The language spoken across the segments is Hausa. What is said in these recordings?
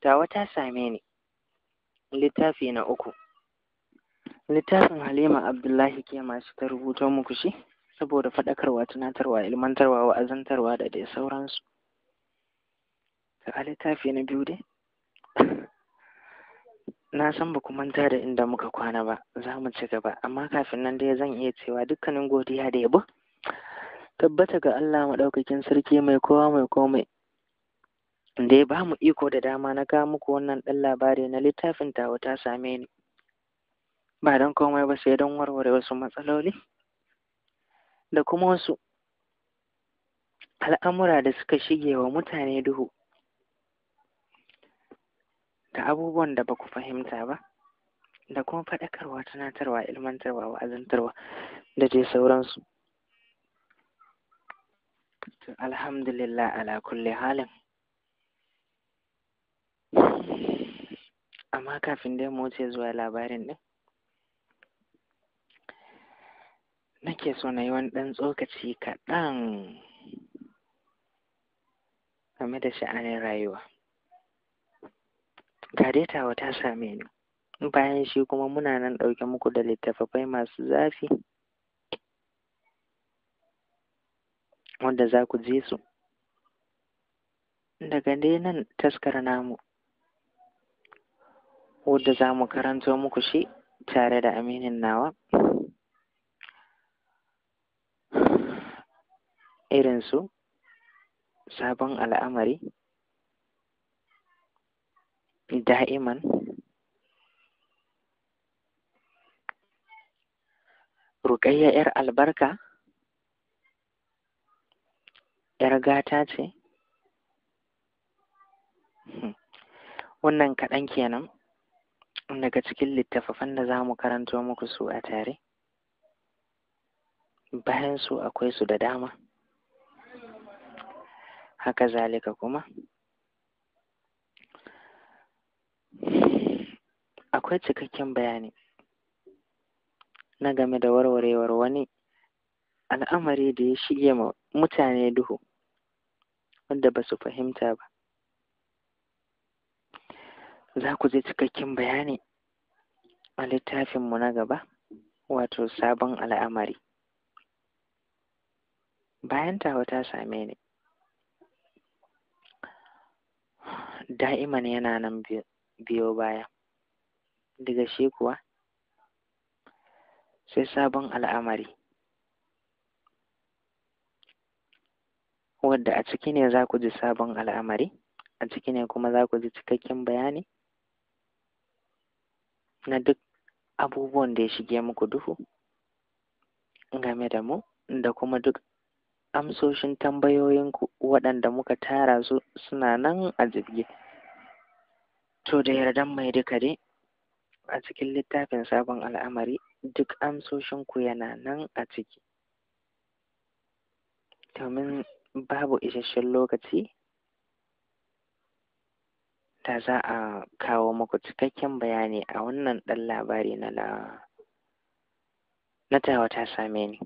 tawa ta same ni littafi na uku littafin halima abdullahi ke masu ta rubuto muku shi saboda faɗakarwa tunatarwa ilmantarwa wa'azantarwa da dai sauransu a littafi na biyu dai na san ba manta da inda muka kwana ba za mu ci gaba amma kafin nan dai zan iya cewa dukkanin godiya da yabo tabbata ga Allah maɗaukakin sarki mai kowa mai komai da ya ba mu iko da dama na kawo muku wannan ɗan labari na littafin ta ta same ni ba don komai ba sai don warware wasu matsaloli da kuma wasu al'amura da suka shige wa mutane duhu da abubuwan da ba ku fahimta ba da kuma faɗakarwa tunatarwa ilmantarwa wa'azantarwa da dai sauransu alhamdulillah ala kulli halin amma kafin dai mu wuce zuwa labarin ɗin nake so na yi wani ɗan tsokaci kaɗan game da sha'anin rayuwa ga dai tawa ta same ni bayan shi kuma muna nan ɗauke muku da littattafai masu zafi wanda za ku ji su daga dai nan taskar namu wadda za mu karanto muku shi tare da aminin nawa irinsu sabon al'amari da'iman rukayya 'yar albarka 'yar gata ce hmm. wannan kaɗan kenan daga cikin littafafan da za mu karanto muku su a tare bayan su akwai su da dama haka zalika kuma akwai cikakken bayani na game da warwarewar wani al'amari da ya shige ma mutane duhu wanda ba su fahimta ba za ku ji cikakken bayani a littafinmu na gaba wato sabon al'amari bayan tawa ta same ni da'iman yana nan biyo baya daga shi kuwa sai sabon al'amari wadda a ciki ne za ku ji sabon al'amari a ciki ne kuma za ku ji cikakken bayani na duk abubuwan da ya shige muku duhu game da mu da kuma duk amsoshin tambayoyinku waɗanda muka tara su suna nan a jirgi to da yardan mai duka dai a cikin littafin sabon al'amari duk amsoshinku yana nan a ciki domin babu isasshen lokaci da za a kawo muku cikakken bayani a wannan ɗan labari na la na tawa ta same ni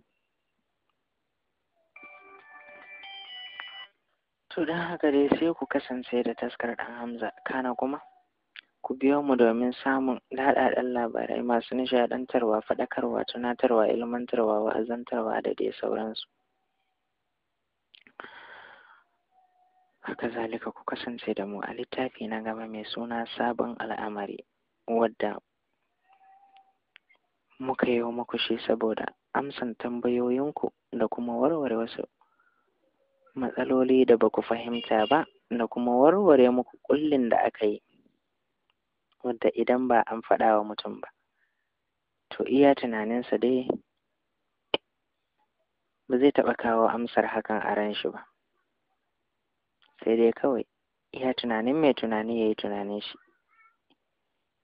to don haka dai sai ku kasance da taskar ɗan hamza kana kuma ku biyo mu domin samun daɗaɗɗen labarai masu nishaɗantarwa faɗakarwa tunatarwa ilmantarwa wa'azantarwa da dai sauransu haka zalika ku kasance da mu a littafi na gaba mai suna sabon al'amari wadda muka yi muku shi saboda amsan tambayoyinku da kuma warware wasu matsaloli da ba ku fahimta ba da kuma warware muku kullin da aka yi wadda idan ba an faɗa wa mutum ba to iya tunaninsa dai ba zai taɓa kawo amsar hakan a ran shi ba sai dai kawai iya tunanin mai tunani ya yi tunanin shi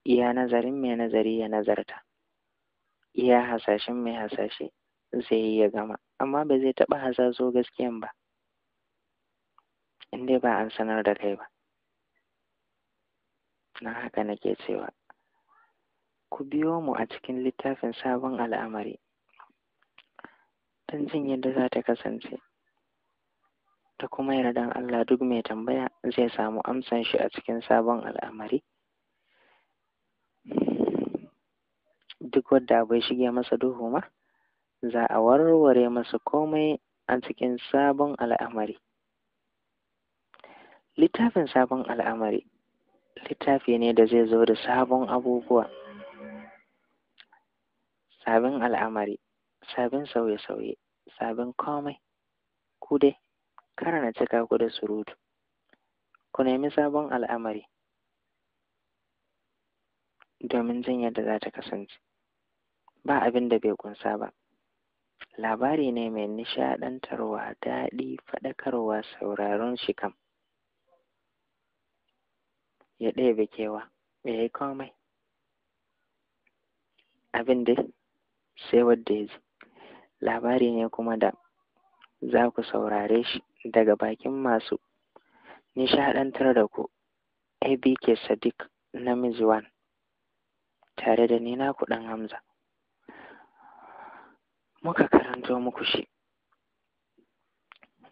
iya nazarin mai nazari ya nazarta iya hasashen mai hasashe zai yi ya gama amma ba zai taɓa hasaso gaskiyan ba in ba an sanar da kai ba na haka nake cewa ku biyo mu a cikin littafin sabon al'amari don jin yadda za ta kasance ta kuma yardan Allah duk mai tambaya zai samu amsan shi a cikin sabon al'amari duk wadda abu ya shige masa duhu ma za a warware masa komai a cikin sabon al'amari littafin sabon al'amari littafi ne da zai zo da sabon abubuwa sabon al'amari sabon sauye-sauye sabon komai ku dai kar na cika ku da surutu ku nemi sabon al'amari domin jin yadda za ta kasance ba abin da bai kunsa ba labari ne mai nishadantarwa daɗi faɗakarwa sauraron shi kam ya ɗebe kewa ya yi komai abin da sai wadda ya ji labari ne kuma da za ku saurare shi daga bakin masu nishaɗantar da ku abk sadiq namiji wan tare da ni naku kuɗin, hamza muka karanto muku shi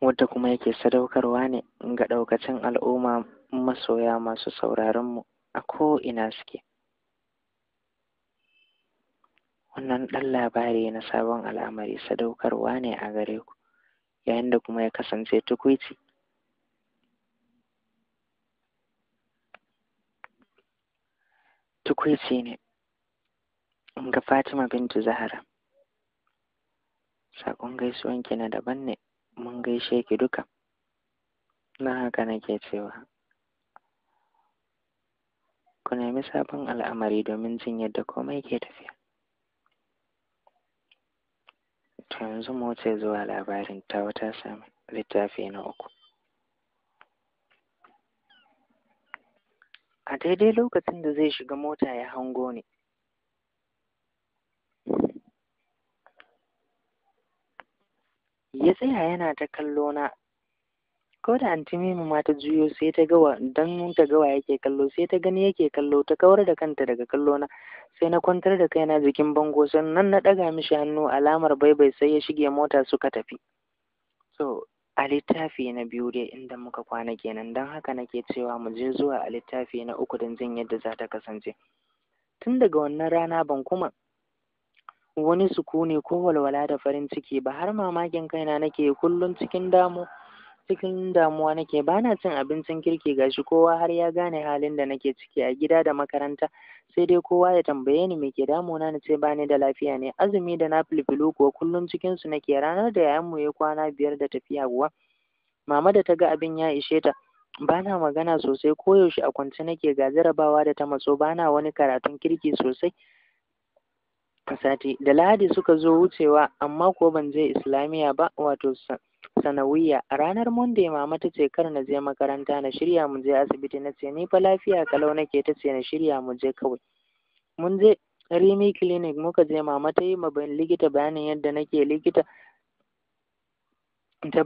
wadda kuma yake sadaukarwa ne ga ɗaukacin al'umma masoya masu sauraronmu a ko'ina suke wannan dan labari na sabon al'amari sadaukarwa ne a gare ku yayin da kuma ya kasance tukuici tukuici ne ga Fatima bintu Zahra Saƙon gaisuwanki na daban ne mun gaishe ki duka na haka nake cewa ku nemi sabon al'amari domin jin yadda komai ke tafiya To yanzu mu wuce zuwa labarin ta wata sami littafi na uku. A daidai lokacin da zai shiga mota ya hango ne. Ya tsaya yana ta kallo na ko da anti mimu ma ta juyo sai ta gawa dan ta gawa yake kallo sai ta gani yake kallo ta kawar da kanta daga kallo na sai na kwantar da kaina jikin bango sannan na daga mishi hannu alamar baibai sai ya shige mota suka tafi so a littafi na biyu dai inda muka kwana kenan dan haka nake cewa mu je zuwa a littafi na uku don jin yadda za ta kasance tun daga wannan rana ban kuma wani sukuni ko walwala da farin ciki ba har mamakin kaina nake kullum cikin damu cikin damuwa nake ba na cin abincin kirki ga shi kowa har ya gane halin da nake ciki a gida da makaranta sai dai kowa ya tambaye ni me ke damuna na ce bani da lafiya ne azumi da na filfilu kuwa kullum cikin su nake ranar da yayanmu ya kwana biyar da tafiya kuwa mama da ta ga abin ya ishe ta bana magana sosai koyaushe a kwance nake ga jarabawa da ta matso bana wani karatun kirki sosai sati da lahadi suka zo wucewa amma ko ban je islamiyya ba wato sanawiya a ranar monday mama ta ce kar na je makaranta na shirya mu je asibiti na ce ni fa lafiya kalau nake ta ce na shirya mu je kawai mun je rimi clinic muka je mama ta yi ma ban likita bayanin yadda nake likita ta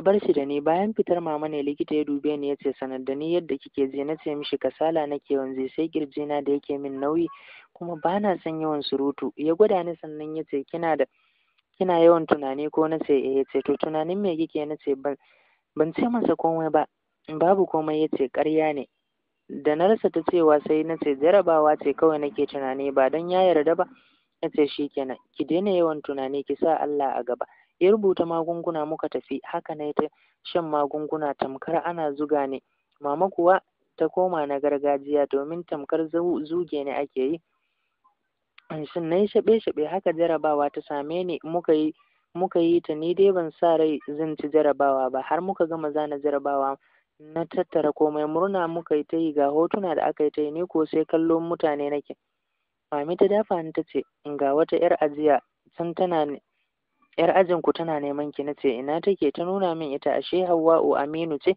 bar shi da ni bayan fitar mama ne likita ya dube ni ya ce sanar da ni yadda kike je na ce mishi kasala nake wanzu sai kirjina da yake min nauyi kuma bana son yawan surutu ya gwada ni sannan ya ce kina da kina yawan tunani ko na ce eh ce to tunanin me kike na ce ban ban ce masa komai ba babu komai ya ce ƙarya ne da na rasa ta cewa sai na ce jarabawa ce kawai nake tunani ba don ya yarda ba na ce shi kenan ki daina yawan tunani ki sa Allah a gaba ya rubuta magunguna muka tafi haka ne ta shan magunguna tamkar ana zuga ne mama kuwa ta koma na gargajiya domin tamkar zuge ne ake yi sannan na yi shaɓe-shaɓe haka jarabawa ta same ni muka yi ta ni dai ban sa rai zan ci jarabawa ba har muka gama zana jarabawa na tattara komai murna muka yi ta yi ga hotuna da aka yi ta yi ni ko sai kallon mutane nake mami ta dafa ni ta ce ga wata yar ajiya can tana yar ajin tana neman ki nace ina take ta nuna min ita ashe Hauwa'u Aminu ce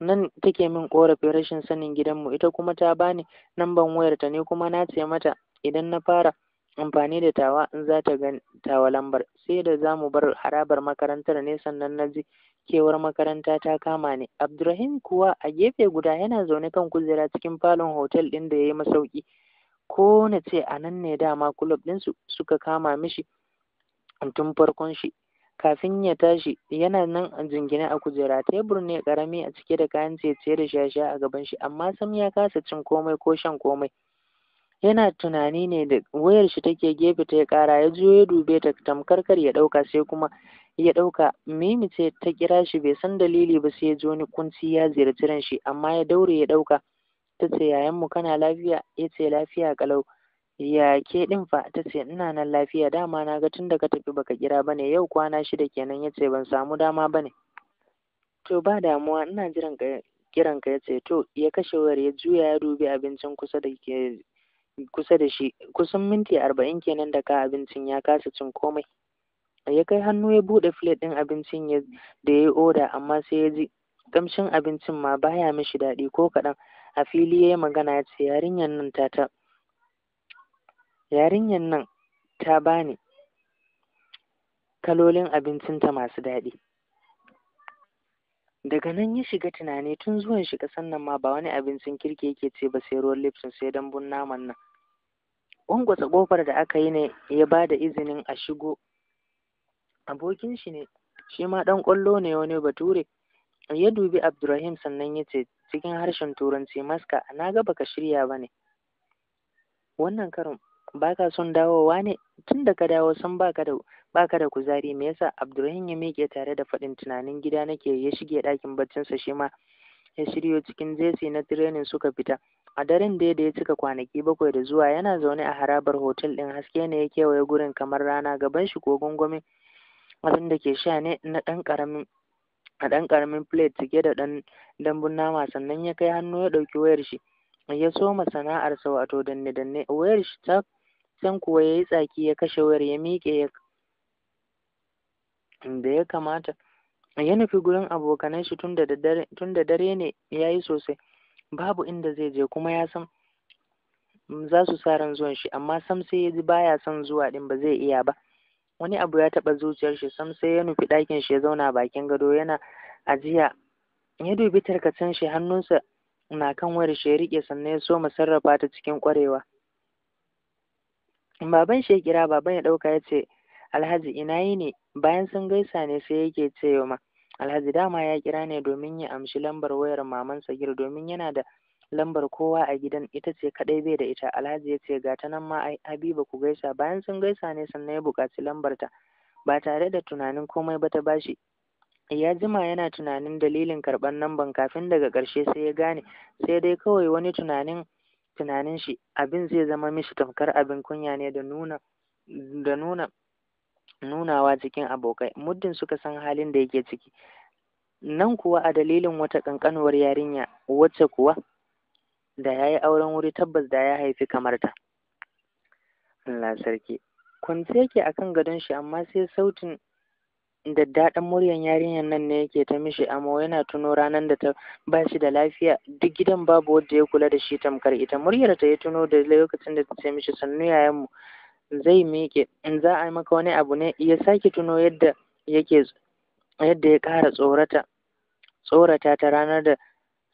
nan take min korafin rashin sanin gidanmu ita kuma ta bani namban wayarta ne kuma na ce mata idan na fara amfani da tawa in za ta gan tawa lambar sai da za mu bar harabar makarantar ne sannan na ji kewar makaranta ta kama ne. abdurrahim kuwa a gefe guda yana zaune kan kujera cikin falon hotel ɗin da ya yi masauki ko na ce a nan ne dama kulub kulob su suka kama mishi tun farkon shi kafin ya tashi yana nan a jingine a kujera tebur ne karami a cike da kayan ciye-ciye da shasha a gaban shi amma sam ya kasa cin komai ko shan komai yana tunani ne da wayar shi take gefe ta ya kara ya juyo ya dube ta tamkar kar ya dauka sai kuma ya dauka mimi ce ta kira shi bai san dalili ba sai ya ji wani kunci ya ziyarci ran shi amma ya daure ya dauka ta ce yayan mu kana lafiya ya ce lafiya kalau ya ke din fa ta ce ina nan lafiya dama na ga tun da ka tafi baka kira bane yau kwana shida kenan ya ce ban samu dama bane to ba damuwa ina jiran kiran ka ya ce to ya kashe wayar ya juya ya dubi abincin kusa da ke kusa da shi kusan minti arba'in kenan da ka abincin ya kasa cin komai ya kai hannu ya buɗe filet ɗin abincin da ya yi oda amma sai ya ji kamshin abincin ma baya mishi daɗi ko kaɗan a fili ya yi magana ya ce yarinyar nan ta ta yarinyar nan ta bani kalolin abincinta masu daɗi daga nan ya shiga tunani tun zuwan shi ƙasan nan ma ba wani abincin kirki yake ce ba sai ruwan lipton sai dambun naman nan ƙwanƙwasa ƙofar da aka yi ne ya ba da izinin a shigo abokin shi ne shi ma ɗan ƙwallo ne wani bature ya dubi abdurrahim sannan ya ce cikin harshen turanci maska na ga baka shirya ba ne wannan karin baka son dawowa ne tun da ka dawo san baka da da kuzari me yasa abdurrahim ya mike tare da faɗin tunanin gida nake ya shige ɗakin baccinsa shi ma ya shiryo cikin jesi na tirenin suka fita a daren da da ya cika kwanaki bakwai da zuwa yana zaune a harabar hotel ɗin haske ne ya kewaye gurin kamar rana gaban shi ko gwangwami. abin da ke sha ne na ɗan ƙaramin a ɗan ƙaramin plate cike da ɗan dambun nama sannan ya kai hannu ya ɗauki wayar shi ya soma sana'arsa wato danne danne wayar shi ta can kuwa ya yi tsaki ya kashe wayar ya miƙe ya da ya kamata ya nufi gurin abokanan shi tunda da dare ne ya sosai babu inda zai je kuma ya san za su sa ran zuwan shi amma sam sai ya ji baya son zuwa din ba zai iya ba wani abu ya taɓa zuciyar shi sam sai ya nufi ɗakin shi ya zauna bakin gado yana ajiya ya dubi tarkacen shi hannunsa na kan wayar shi ya riƙe sannan ya so sarrafa ta cikin ƙwarewa baban shi ya kira baban ya ɗauka ya ce alhaji ina yi ne bayan sun gaisa ne sai yake ce ma Alhaji dama ya kira ne domin ya amshi lambar wayar maman Sagir domin yana da lambar kowa a gidan ita ce kadai bai da ita Alhaji ya ce ga ta nan ma Habiba ku gaisa bayan sun gaisa ne sannan ya buƙaci ta ba tare da tunanin komai ba ta bashi ya jima yana tunanin dalilin karɓar namban kafin daga ƙarshe sai ya gane sai dai kawai wani tunanin tunanin shi abin zai zama mishi tamkar abin kunya ne da nuna da nuna nunawa cikin abokai muddin suka san halin da yake ciki nan kuwa a dalilin wata ƙanƙanuwar yarinya wacce kuwa da ya yi auren wuri tabbas da ya haifi kamar ta Allah sarki kwance yake kan gadon shi amma sai sautin daddaɗan muryan yarinyar nan ne yake ta mishi amma yana tuno ranar da ta ba shi da lafiya duk gidan babu wanda ya kula da shi tamkar ita muryar ta ya tuno da lokacin da ta ce mishi sannu yayan mu zai miƙe in za a yi maka wani abu ne ya sake tuno yadda yake yadda ya ƙara tsorata tsorata ta ranar da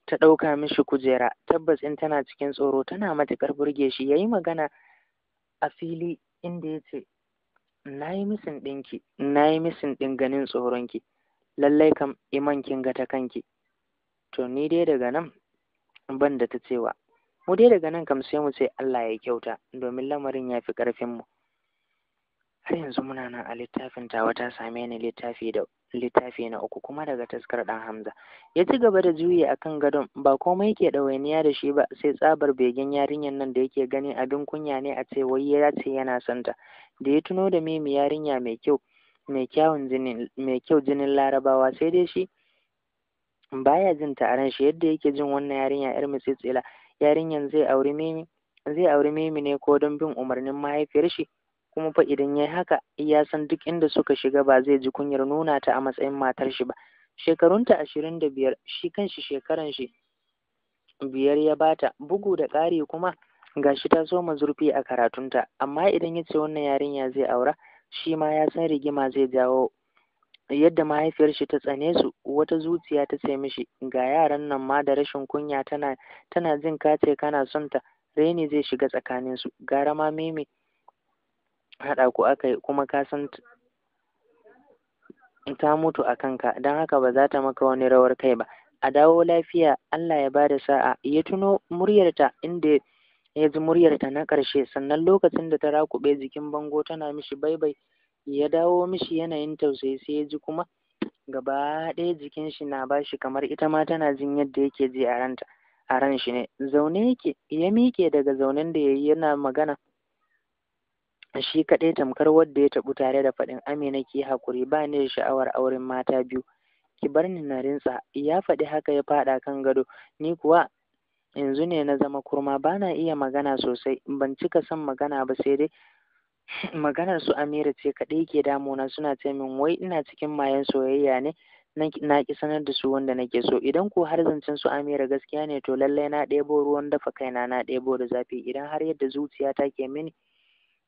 ta ɗauka mishi kujera tabbas in tana cikin tsoro tana matuƙar burge shi ya yi magana a fili inda ya ce na yi misin ɗinki na yi misin ɗin ganin tsoronki lallai kam iman kin ga ta kanki to ni dai daga nan ban da ta cewa mu dai daga nan kam sai mu ce Allah ya kyauta domin lamarin ya fi mu har yanzu muna nan a littafin tawa ta same ni littafi da littafi na uku kuma daga taskar dan Hamza ya ci gaba da juyi kan gadon ba komai ke ɗawainiya da shi ba sai tsabar begen yarinyar nan da yake gani abin kunya ne a ce wai ya ce yana santa da ya tuno da mimi yarinya mai kyau mai kyawun jinin mai kyau jinin larabawa sai dai shi baya jin ta shi yadda yake jin wannan yarinya yar mutsitsila yarinyan zai auri mimi zai auri mimi ne ko don bin umarnin mahaifiyar shi kuma fa idan yayi haka ya san duk inda suka shiga ba zai ji kunyar nuna ta a matsayin matar shi ba shekarunta ashirin da biyar shi kanshi shekaran shi biyar ya bata bugu da ƙari kuma gashi ta soma zurfi a karatunta amma idan ya ce wannan yarinya zai aura shi ma ya san rigima zai jawo yadda mahaifiyar shi ta tsane su wata zuciya ta ce mishi ga yaran nan ma da rashin kunya tana tana jin ka ce kana son ta reni zai shiga tsakanin su gara ma meme haɗa ku aka yi kuma ka san ta mutu a kanka don haka ba za ta maka wani rawar kai ba a dawo lafiya Allah ya ba da sa'a ya tuno muryarta inda ya ji muryarta na ƙarshe sannan lokacin da ta rakuɓe jikin bango tana mishi baibai ya dawo mishi yanayin tausayi sai ya ji kuma gaba ɗaya jikin shi na bashi kamar ita ma tana jin yadda yake ji a ranta a ran shi ne zaune yake ya miƙe daga zaunen da ya yi yana magana shi kaɗai tamkar wadda ya taɓu tare da faɗin amina ki haƙuri ba ni da sha'awar auren mata biyu ki bar ni na rintsa ya faɗi haka ya faɗa kan gado ni kuwa yanzu ne na zama kurma ba na iya magana sosai ban cika son magana ba sai dai Maganar su Amira ce kaɗai ke damuna suna ce min wai ina cikin mayen soyayya ne na ki sanar da su wanda nake so idan ku har zancen su Amira gaskiya ne to lallai na ɗebo ruwan dafa kaina na ɗebo da zafi idan har yadda zuciyata ke mini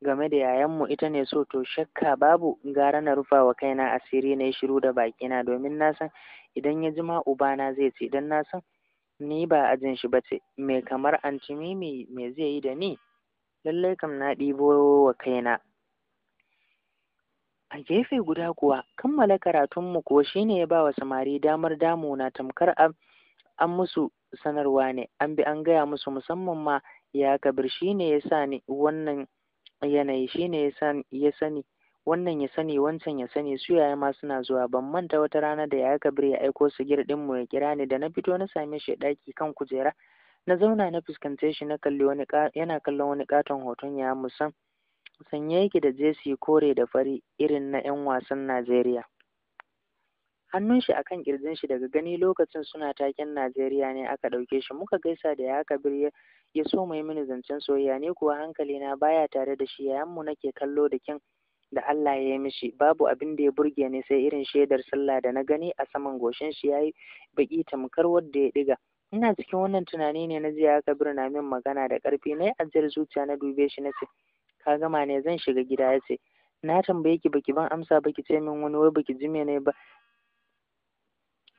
game da yayanmu ita ne so to shakka babu gara na rufa wa kaina asiri na yi shiru da bakina domin na san idan ya jima ubana zai ce idan na san ni ba ajin shi ba ce me kamar anti mimi me zai yi da ni lallai kam na ɗibo wa kaina a gefe guda kuwa kammala karatunmu kuwa shine ya ba wa samari damar damu na tamkar an musu sanarwa ne an bi an gaya musu musamman ma ya kabir ne ya sa wannan yanayi ne ya sani wannan ya sani wancan ya sani su yaya ma suna zuwa ban manta wata rana da ya kabir ya aiko su girdin mu ya kira ni da na fito na same shi ɗaki kan kujera na zauna na fuskance shi na kalli wani yana kallon wani katon hoton ya musam sanye yake da jesi kore da fari irin na 'yan wasan Najeriya. Hannun shi akan kirjin shi daga gani lokacin suna taken Najeriya ne aka ɗauke shi muka gaisa da ya kabir ya so mai mini zancen soyayya ne kuwa hankali na baya tare da shi yayan mu nake kallo da kin da Allah ya yi mishi babu abin da ya burge ni sai irin shaidar sallah da na gani a saman goshin shi yayi baki tamkar wanda ya diga. ina cikin wannan tunani ne na jiya kabir na min magana da ƙarfi na yi ajiyar zuciya na dube shi na ce ka gama ne zan shiga gida ya ce na tambaye ki baki ban amsa baki ce min wani wai baki ji mene ba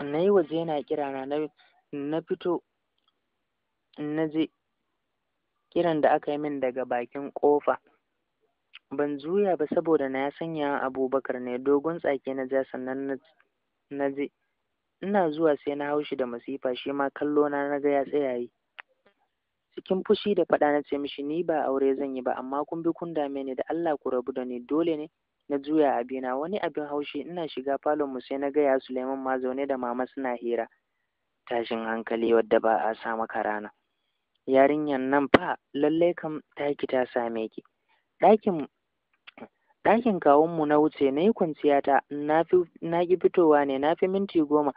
na yi waje yana kira na na fito na je kiran da aka yi min daga bakin kofa ban juya ba saboda na sanya abubakar ne dogon tsaki na ja sannan na je ina zuwa sai na hau shi da masifa shi ma kallo na na ga ya tsaya yi cikin fushi da faɗa na ce mishi ni ba aure zan yi ba amma kun bi kun dame ni da Allah ku rabu da ni dole ne na juya abina wani abin haushi ina shiga falon mu sai na ga ya Suleiman ma zaune da mama suna hira tashin hankali wadda ba a sa maka rana yarinyan nan fa lallai kam taki ta same ki ɗakin ɗakin kawunmu na wuce na yi kwanciyata na ƙi fitowa ne na fi minti goma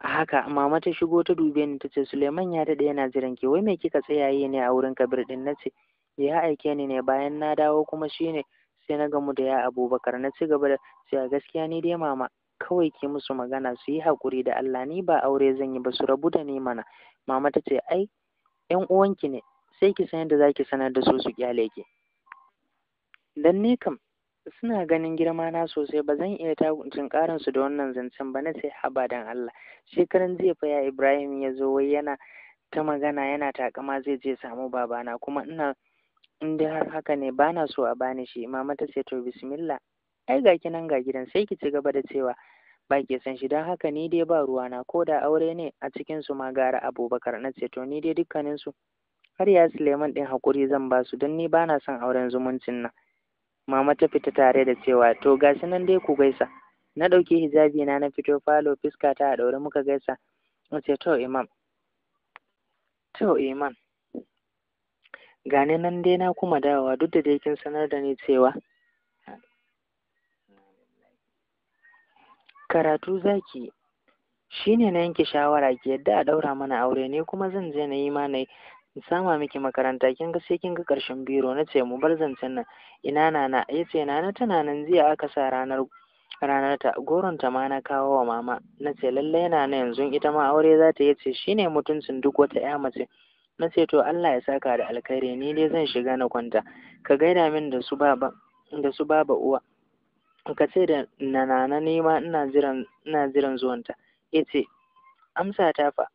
a haka mama ta shigo ta dube ni ta ce suleiman ya daɗe yana jiran ki wai me kika tsaya yi ne a wurin kabir ɗin na ce ya aike ni ne bayan na dawo kuma shine sai na gamu da ya abubakar na ci gaba da cewa gaskiya ni dai mama kawai ke musu magana su yi haƙuri da Allah ni ba aure zan yi ba su rabu da ni mana mama ta ce ai 'yan uwanki ne sai ki san yadda za ki sanar da su su kyale ki dan ni kam suna ganin girma na sosai ba zan iya karin su da wannan zancen ba na sai haba dan Allah shekaran jiya fa ya Ibrahim ya zo wai yana ta magana yana takama zai je samu babana kuma ina in har haka ne ba na so a bani shi mama ta ce to bismillah ai ga nan ga gidan sai ki ci gaba da cewa ba ke san shi don haka ni dai ba ruwana ko da aure ne a cikin su ma gara abubakar na ce to ni dai dukkanin su har ya suleiman din hakuri zan ba su don ni ba na son auren zumuncin nan mama ta fita tare da cewa to shi nan dai ku gaisa na ɗauki hijabi na na fito falo fuska ta a ɗaure muka gaisa na ce to imam to imam ni nan dai na kuma dawowa duk da dai kin sanar da ni cewa karatu zaki shine na yanke shawara ki yadda a ɗaura mana aure ne kuma zan je na yi ma na in sama miki makaranta kin ga sai kin ga karshen biro na ce mu bar zancen nan ina nana ya ce nana tana nan jiya aka sa ranar ranar ta goron ta ma na kawo wa mama na ce lallai na yanzu ita ma aure za ta yace shine mutuncin duk wata ya mace na ce to Allah ya saka da alkhairi ni dai zan shiga na kwanta ka gaida min da su baba da su baba uwa ka ce da nana nema ina jiran ina jiran zuwanta yace amsa ta fa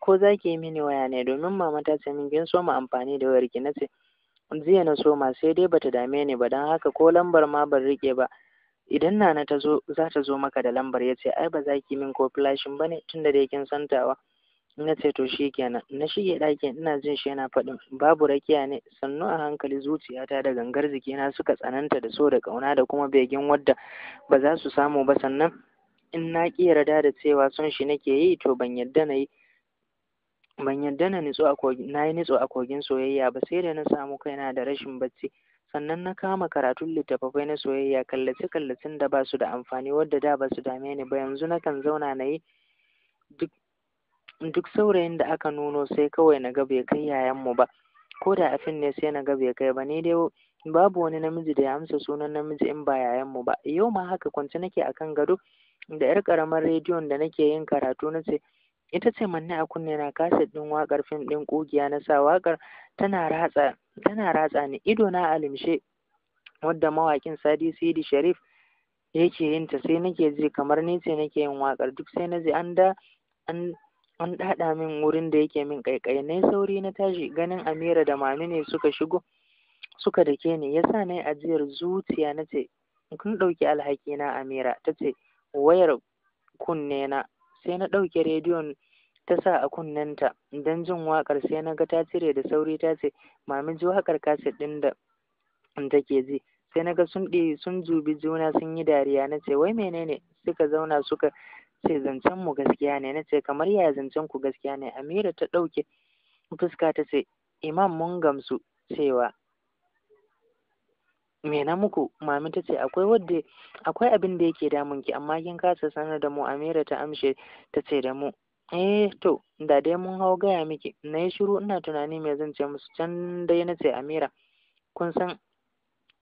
ko za ki yi mini waya ne domin mama ta ce min kin so mu amfani da wayar ki nace jiya na soma sai dai bata dame ni ba dan haka ko lambar ma ban rike ba idan nana ta zo za ta zo maka da lambar ya ce ai ba za ki min ko flashin ba ne tunda dai kin santawa na ce to shi kenan na shige ɗakin ina jin shi yana faɗin babu rakiya ne sannu a hankali zuciyata da gangar jikina suka tsananta da so da ƙauna da kuma begen wadda ba za su samu ba sannan in na ƙi yarda da cewa son shi nake yi to ban yarda na yi ban yarda na nitso a kogin na yi nitso a kogin soyayya ba sai da na samu kaina da rashin bacci sannan na kama karatun littattafai na soyayya kallace kallacen da ba su da amfani wadda da ba su dame ni ba yanzu nakan zauna na yi duk duk saurayin da aka nuno sai kawai na ga bai kai yayan mu ba ko da afin ne sai na ga bai kai ba ni dai babu wani namiji da ya amsa sunan namiji in ba yayan mu ba yau ma haka kwance nake akan gado da yar karamar rediyon da nake yin karatu na ce ita ce manne a kunne na kaset ɗin wakar fim ɗin kugiya na sa wakar tana ratsa tana ratsa ni ido na alimshe wadda mawakin sadi sidi sharif yake yin ta sai nake ji kamar ni ce nake yin wakar duk sai na ji an da an an dada min wurin da yake min kaikai na sauri na tashi ganin amira da mami ne suka shigo suka dake ni yasa na ajiyar zuciya na ce kun ɗauki alhaki na amira tace wayar kunne na sai na ɗauke rediyon ta sa a kunnenta don jin waƙar sai na ga ta cire da sauri ta ce mami ji waƙar kaset ɗin da take ji sai na ga sun sun jubi juna sun yi dariya na ce wai menene suka zauna suka ce zancen mu gaskiya ne na ce kamar yaya zancen ku gaskiya ne amira ta ɗauke fuska ta ce imam mun gamsu cewa me na muku mami ta ce akwai wadda akwai abin da yake damun ki amma kin kasa sanar da mu amira ta amshe ta ce da mu eh to da dai mun hau gaya miki na yi shiru ina tunani me zan ce musu can dai na ce amira kun san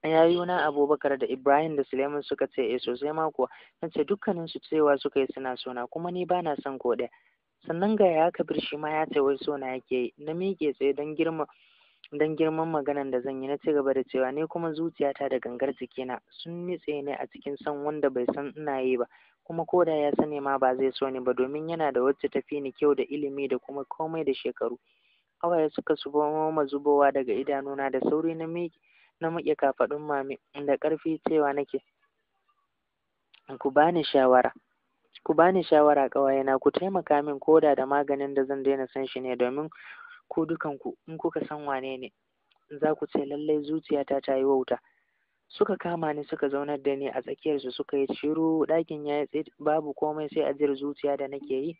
yayuna abubakar da ibrahim da suleiman suka ce eh sosai ma kuwa na ce dukkanin su cewa suka yi suna sona kuma ni bana son ko ɗaya sannan ga ya kabir shi ma ya ce wai sona yake yi na miƙe tsaye don girma don girman maganan da zan yi na ci gaba da cewa ni kuma zuciyata da gangar jikina sun nitse ne a cikin san wanda bai san ina yi ba kuma ko da ya sani ma ba zai so ni ba domin yana da wacce tafi ni kyau da ilimi da kuma komai da shekaru hawaye suka subo ma zubowa daga idanuna da sauri na mi na muke kafaɗun mami da karfi cewa nake ku bani shawara ku bani shawara ƙawayena ku taimaka min koda da maganin da zan daina san shi ne domin ko dukanku in kuka san wane ne za ku ce lallai zuciyata ta yi wauta suka kama ni suka zaunar da ni a tsakiyarsu suka yi shiru ɗakin ya yi babu komai sai ajiyar zuciya da nake yi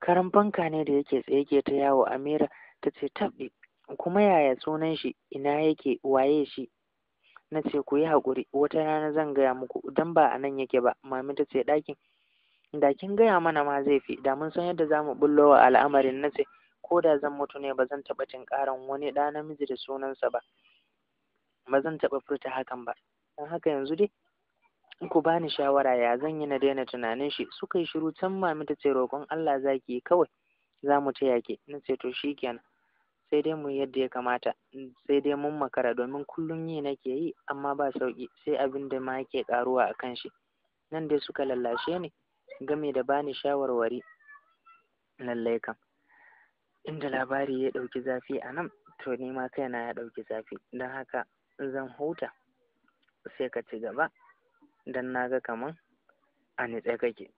karan fanka ne da yake tsaye ke ta yawo amira ta ce tabbi kuma yaya sunan shi ina yake waye shi na ce ku yi haƙuri wata rana zan gaya muku don ba a nan yake ba mami ta ce ɗakin da kin gaya mana ma zai fi da mun san yadda za mu bullo wa al'amarin na ce ko da zan mutu ne ba zan taɓa tinƙaran wani ɗa namiji da sunansa ba ba zan taɓa furta hakan ba don haka yanzu dai ku bani shawara ya zan yi na daina tunanin shi suka yi shiru can mami ta ce roƙon Allah zaki kawai za mu ta yaƙi na ce to shikenan sai dai mu yadda ya kamata sai dai mun makara domin kullum yi nake yi amma ba sauƙi sai abin da ma yake ƙaruwa a kan shi nan dai suka lallashe ni game da bani shawarwari lallai kam inda labari ya ɗauki zafi a nan to ni ma kaina ya ɗauki zafi don haka zan huta sai ka ci gaba don na ga kaman a nitse kake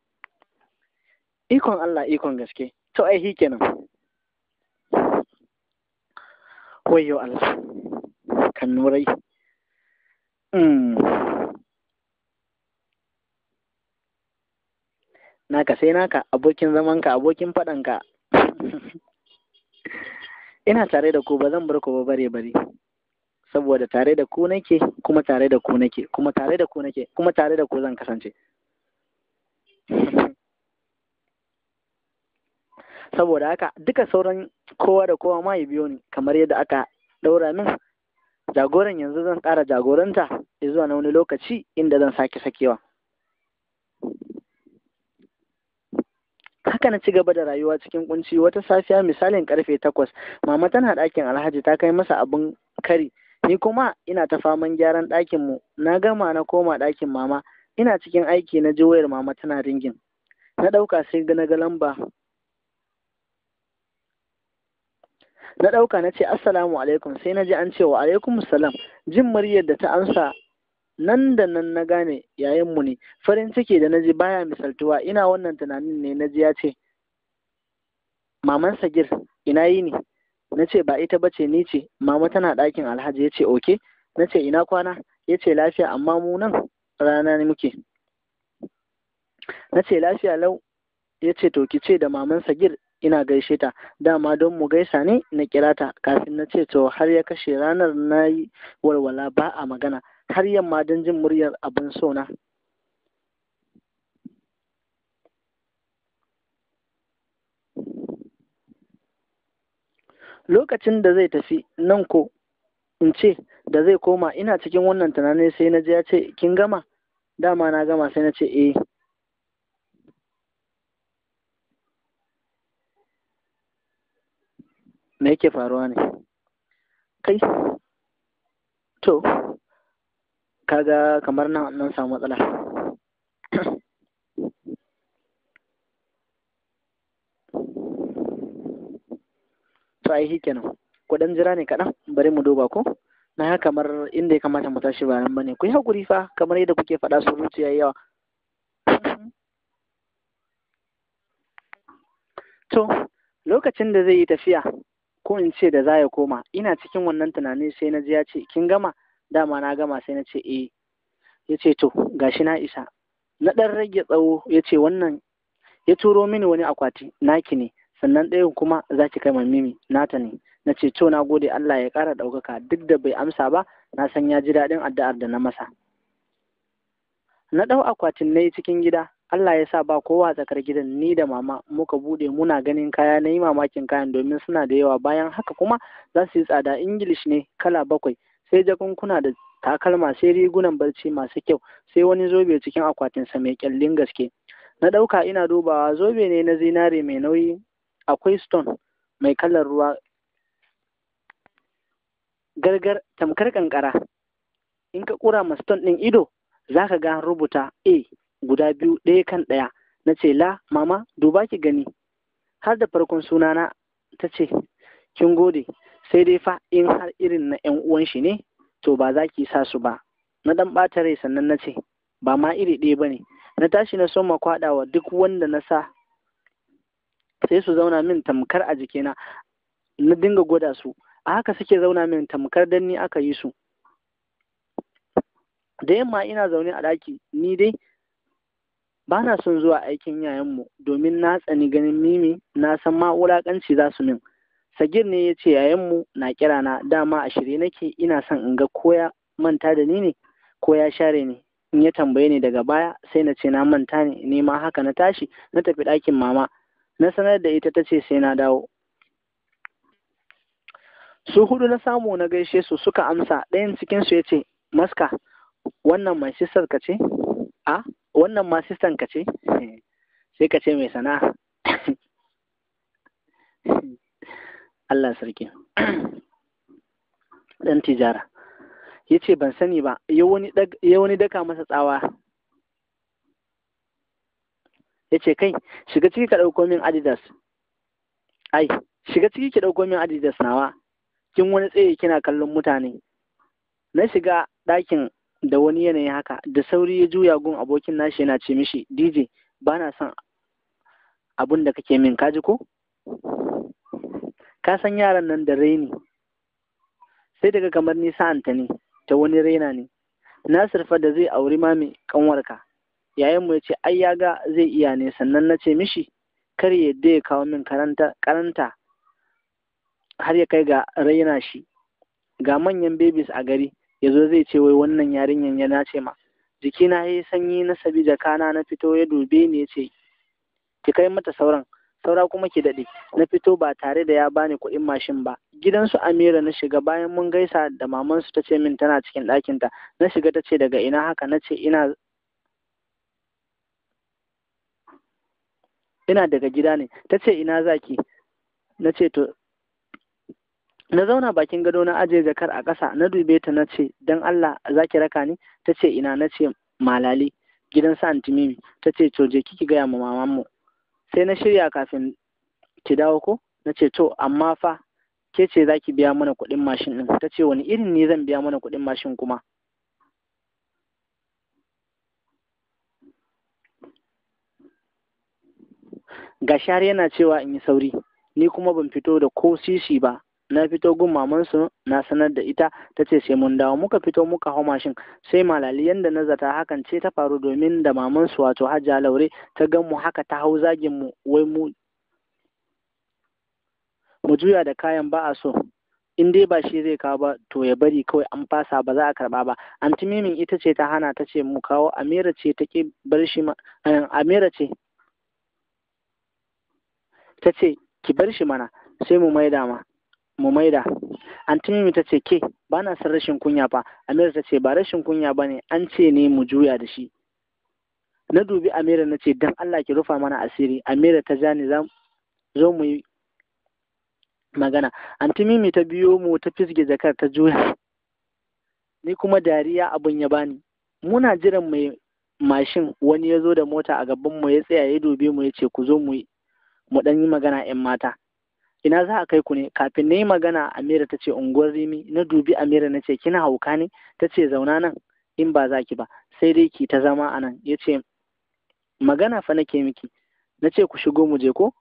ikon Allah ikon gaske to ai shi kenan wayo Allah kan nurai hmm. naka sai naka abokin zamanka abokin faɗanka ina tare da ku ba zan bar ku ba bare bare saboda tare da ku nake kuma tare da ku nake kuma tare da ku nake kuma tare da ku zan kasance saboda haka duka sauran kowa da kowa ma ya biyo ni kamar yadda aka daura min jagoran yanzu zan ƙara jagoranta zuwa na wani lokaci inda zan sake sakewa Haka na ci gaba da rayuwa cikin kunci wata safiya misalin karfe takwas mama tana ɗakin alhaji ta kai masa abin kari ni kuma ina ta faman gyaran ɗakin mu na gama na koma ɗakin mama ina cikin aiki na ji wayar mama tana ringin na ɗauka sai na ga lamba na ɗauka na ce assalamu alaikum sai na ji an cewa wa alaikum salam jin muryar da ta amsa. nan da nan na gane mu ne farin ciki da naji baya misaltuwa ina wannan tunanin ne naji ya ce maman sagir ina yi ne na ce ba ita bace ni ce mama tana ɗakin alhaji ya ce oke na ce ina kwana ya ce lafiya amma mu nan rana ne muke na ce lafiya lau ya ce to ki ce da maman sagir ina gaishe ta dama don mu gaisa ne na kira ta kafin na ce to har ya kashe ranar na yi walwala ba a magana har yamma don jin muryar abin sona. Lokacin da zai tafi nan ko in ce da zai koma ina cikin wannan tunanin sai na je ya ce kin gama dama na gama sai na ce eh me yake faruwa ne kai to kaga kamar nan nan samu matsala to ai shi kenan ku jira ne kaɗan bari mu duba ko na kamar inda ya kamata mu tashi ba ne, bane ku yi hakuri fa kamar yadda kuke faɗa su zuciya yawa to lokacin da zai yi tafiya ko in ce da za ya koma ina cikin wannan tunanin sai na ji ya ce kin gama dama na gama sai na ce eh ya ce to gashi na isa na ɗan rage tsawo ya ce wannan ya turo mini wani akwati naki ne sannan ɗayan kuma za ki kai mimi nata ne na ce to na gode Allah ya ƙara ɗaukaka duk da bai amsa ba na san ya ji daɗin addu'ar da na masa na ɗau akwatin na yi cikin gida Allah ya sa ba kowa tsakar gidan ni da mama muka buɗe muna ganin kaya na yi mamakin kayan domin suna da yawa bayan haka kuma za su yi tsada ingilish ne kala bakwai sai jakunkuna da takalma sai rigunan barci masu kyau sai wani zobe cikin akwatinsa mai kyallin gaske na ɗauka ina dubawa zobe ne na zinare mai nauyi akwai stone mai kalar ruwa gargar tamkar kankara in ka kura ma stone ɗin ido za ka ga rubuta a guda biyu ɗaya kan ɗaya na ce la mama duba ki gani har da farkon sunana ta ce kin gode sai dai fa in har irin na yan uwan shi ne to ba za ki sa su ba na dan ɓata rai sannan na ce ba ma iri ɗaya ba ne na tashi na soma kwaɗawa duk wanda na sa sai su zauna min tamkar a jikina na dinga gwada su a haka suke zauna min tamkar dan ni aka yi su da yamma ina zaune a ɗaki ni dai ba na son zuwa aikin yayanmu domin na tsani ganin mimi na san ma wulaƙanci za su min sagir ne ya ce yayanmu na kira na dama a shirye nake ina son in ga ko ya manta da ni ne ko ya share ni in ya tambaye ni daga baya sai na ce na manta ne ni ma haka na tashi na tafi ɗakin mama na sanar da ita ta ce sai na dawo su hudu na samu na gaishe su suka amsa ɗayan cikin su ya ce maska wannan ma sistar ka ce a ah, wannan ma sistan ka ce sai ka ce mai sana'a Allah sarki dan tijara ya ban sani ba ya wani daka masa tsawa ya kai shiga ciki ka ɗauko min adidas ai shiga ciki ki ɗauko min adidas nawa kin wani tsaye kina kallon mutane na shiga ɗakin da wani yanayi haka da sauri ya juya gun abokin nashi yana ce mishi dj ba na son abin da kake min kaji ko ka san yaran nan da raini sai daga kamar nisa'anta ne ta wani raina ne nasir fa da zai auri mami kanwarka yayanmu ya ce ai ya ga zai iya ne sannan na ce mishi kar ya yadda ya kawo min karanta har ya kai ga raina shi ga manyan babies a gari ya zo zai ce wai wannan yarinyan ya nace ma jikina ya yi sanyi na sabi jakana na fito ya dube ni ya ce ki kai mata sauran saura kuma ki daɗe na fito ba tare da ya bani kuɗin mashin ba gidansu amira na shiga bayan mun gaisa da mamansu ta ce min tana cikin ɗakinta na shiga ta ce daga ina haka na ce ina ina daga gida ne ta ce ina zaki na ce to na zauna bakin gado na ajiye jakar a ƙasa na dube ta na ce don allah zaki raka ni ta ce ina na ce malali gidan sa antimimi ta ce to je kiki gaya ma mamanmu sai na shirya kafin ki dawo ko na ce to amma fa ke ce za ki biya mana kuɗin mashin ɗin ta ce wani irin ne zan biya mana kuɗin mashin kuma Ga shari yana cewa in yi sauri ni kuma ban fito da ko sisi ba na fito gun mamansu na sanar da ita ta ce sai mun dawo muka fito muka hau mashin sai malali yanda na zata hakan ce ta faru domin da mamansu wato hajja laure ta gan mu haka ta hau zagin mu wai mu mu juya da kayan ba a so in dai ba shi zai kawo ba to ya bari kawai an fasa ba za a karba ba anti mimin ita ce ta hana ta ce mu kawo amira ce ta ke bar shi ma eh, amira ce ta ce ki bar shi mana sai mu maida ma Mu maida, an tumimi ta ce ke ba na san rashin kunya fa Amira ta ce ba rashin kunya ba ne an ce ne mu juya da shi na dubi Amira na ce dan Allah ki rufa mana asiri Amira ta ja ni zo mu yi magana an tumimi ta biyo mu ta fisge jakar ta juya ni kuma dariya abin ya bani muna jiran mai mashin wani ya zo da mota a gabanmu ya tsaya ya dube mu ya ce ku zo mu mu dan yi magana 'yan mata ina za a kai ku ne kafin na yi magana amira ta ce unguwar rimi na dubi amira na ce kina hauka ne ta ce zauna nan in ba za ki ba sai dai ki ta zama a nan ya ce magana fa nake miki na ce ku shigo mu je ko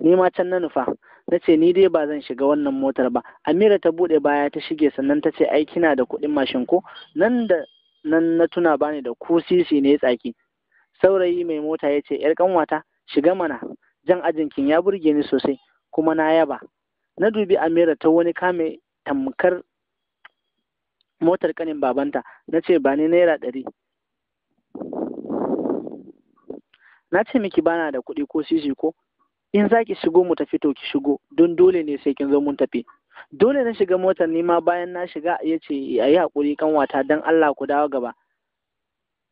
ni ma can na nufa na ce ni dai ba zan shiga wannan motar ba amira ta bude baya ta shige sannan ta ce ai kina da kuɗin mashin ko nan da nan na tuna bani da kusisi sisi ne tsaki saurayi mai mota ya ce yar ƙanwata, shiga mana jan ajinkin ya burge ni sosai kuma na yaba na dubi amira ta wani kame tamkar motar kanin babanta na ce ba ni naira ɗari na ce miki bana da kuɗi ko sisi ko in za ki shigo mu tafi to ki shigo don dole ne sai kin zo mun tafi dole na shiga motar nima bayan na shiga ya ce a yi haƙuri kan wata don allah ku dawo gaba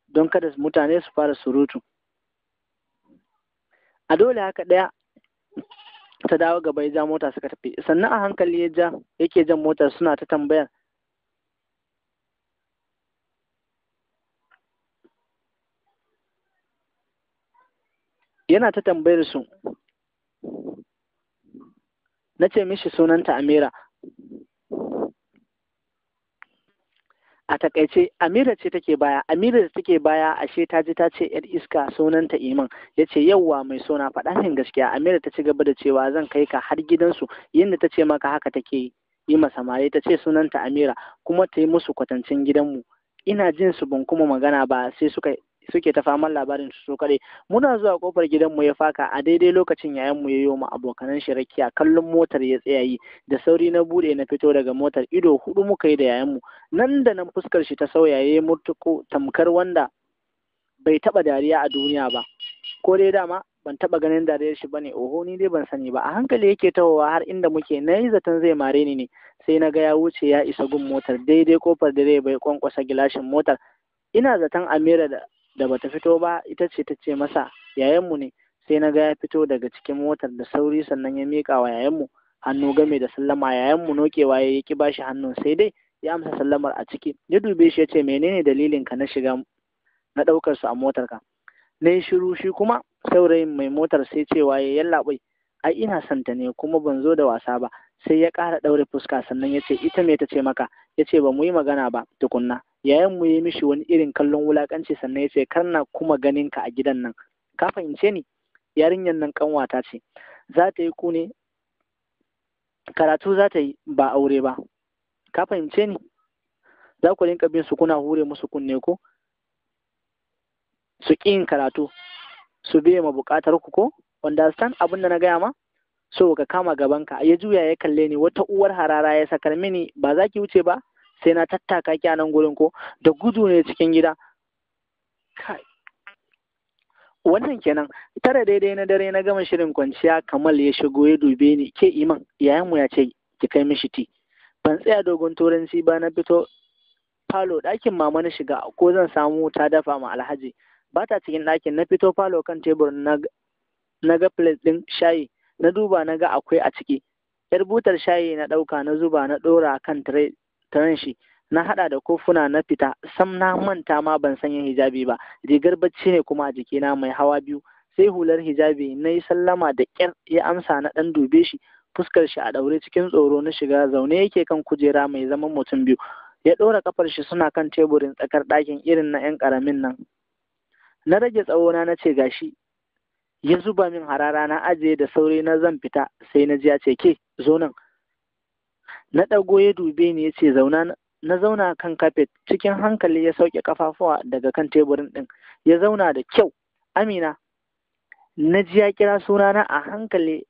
don kada mutane su fara surutu a dole haka ɗaya ta dawo gaba ya ja mota suka tafi sannan a hankali ya ja yake jan motar suna ta tambayar yana ta tambayar su na ce mishi sunanta amira a takaice amira ce take baya amira da take baya ashe ta ji ta ce yar iska sunanta iman ya ce yauwa mai sona faɗa min gaskiya amira ta ci gaba da cewa zan kai ka har gidansu yadda ta ce maka haka take yi ma samari ta ce sunanta amira kuma ta yi musu kwatancin gidanmu ina jin su ban kuma magana ba sai suka suke ta faman labarin su kaɗai muna zuwa kofar gidanmu ya faka a daidai lokacin yayan mu yayyo mu abokanan shi rakiya kallon motar ya tsaya yi da sauri na bude na fito daga motar ido hudu muka yi da yayan mu nan da nan fuskar shi ta sauya yayi murtuko tamkar wanda bai taba dariya a duniya ba ko dai dama ban taba ganin dariyar shi bane oho ni dai ban sani ba a hankali yake tawowa har inda muke nayi yi zaton zai mare ni ne sai na ga ya wuce ya isa gun motar daidai kofar direba bai kwankwasa gilashin motar ina zaton amira da da bata fito ba ita ce ta ce masa yayanmu ne sai na ga ya fito daga cikin motar da sauri sannan ya miƙa wa yayanmu hannu game da sallama yayanmu nokewa ya ki bashi hannun sai dai ya amsa sallamar a ciki ya dube shi ya ce menene dalilin ka na shiga na ɗaukar su a motar ka na yi shiru shi kuma saurayin mai motar sai cewa ya yallaɓai ai ina santa ne kuma ban zo da wasa ba sai ya ƙara ɗaure fuska sannan ya ce ita me ta ce maka ya ce ba mu yi magana ba tukunna yayan mu yi mishi wani irin kallon wulakanci sannan ya ce kar kuma ganin ka a gidan nan ka fahimce ni yarinyar nan kanwata ce za ta yi ne karatu za ta yi ba aure ba ka fahimce ni za ku rinka bin su kuna hure musu kunne ko su yin karatu su biye ma buƙatar ku ko understand abin da na gaya ma so ka kama gabanka ya juya ya kalle ni wata uwar harara ya sakar mini ba za ki wuce ba sai na tattaka ki a nan gurin ko da gudu ne cikin gida wannan kenan tara daidai na dare na gama shirin kwanciya kamal ya shigo ya dube ni ke iman mu ya ce ki kai mishi ti ban tsaya dogon turanci ba na fito falo ɗakin mama na shiga ko zan samu ta dafa ma alhaji ba ta cikin ɗakin na fito falo kan tebur na ga plate ɗin shayi na duba na ga akwai a ciki yar butar shayi na ɗauka na zuba na ɗora kan tire Ta taron shi na hada da kofuna na fita sam na manta ma ban sanya hijabi ba rigar bacci ne kuma a jikina mai hawa biyu sai hular hijabi na yi sallama da ƙyar ya amsa na ɗan dube shi fuskar shi a ɗaure cikin tsoro na shiga zaune yake kan kujera mai zaman mutum biyu ya ɗora kafar shi suna kan teburin tsakar ɗakin irin na 'yan ƙaramin nan na rage tsawona na ce gashi ya zuba min harara na ajiye da sauri na zan fita sai na ji ya ce ke zo nan na ɗago ya dube ni ya ce zauna na zauna kan kafet cikin hankali ya sauke kafafuwa daga kan teburin ɗin ya zauna da kyau amina na ji ya kira sunana a hankali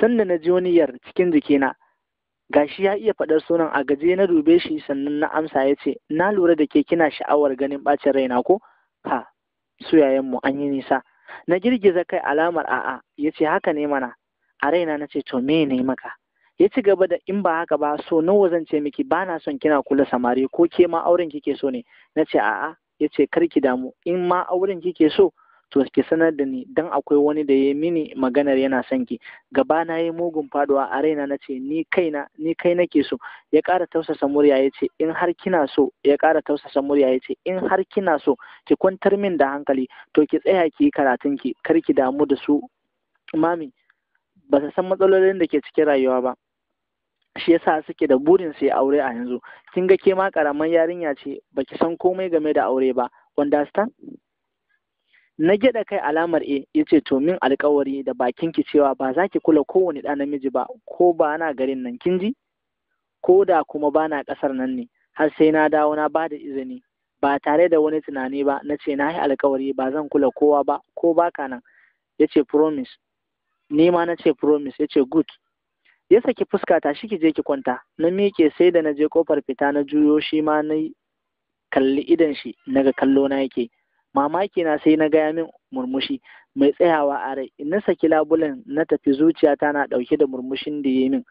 sanda na ji wani yar cikin jikina gashi ya iya faɗar sunan a gaje na dube shi sannan na amsa ya ce na lura da ke kina sha'awar ganin ɓacin raina ko ha mu an yi nisa na girgiza kai alamar a'a ya ce haka ne mana a raina na ce to ne maka ya ci gaba da in ba haka ba so nawa zan ce miki ba na son kina kula samari ko ke ma auren kike so ne na ce a'a ya ce kar ki damu in ma auren kike so to ki sanar da ni dan akwai wani da ya mini maganar yana son ki gaba na yi mugun faduwa a raina na ce ni kaina ni kai nake so ya ƙara tausasa murya ya ce in har kina so ya ƙara tausasa murya ya ce in har kina so ki kwantar min da hankali to ki tsaya ki yi karatun ki kar ki damu da su mami ba su san matsalolin da ke cikin rayuwa ba shi yasa suke da burin su yi aure a yanzu kin ga ke ma karaman yarinya ce baki san komai game da aure ba understand na gyaɗa kai alamar A ya ce to min alkawari da bakin ki cewa ba za ki kula kowane ɗa namiji ba ko ba na garin nan kin ji ko da kuma ba na ƙasar nan ne har sai na dawo na ba da izini ba tare da wani tunani ba na ce na yi alkawari ba zan kula kowa ba ko baka nan ya ce promise ni ma na ce promise ya ce good ya saki fuska ta shi ki je ki kwanta na miƙe sai da na je kofar fita na juyo shi ma na kalli idan shi naga kallo na yake mamaki na sai na gaya min murmushi mai tsayawa a rai na saki labulen na tafi zuciya ta na ɗauke da murmushin da ya yi min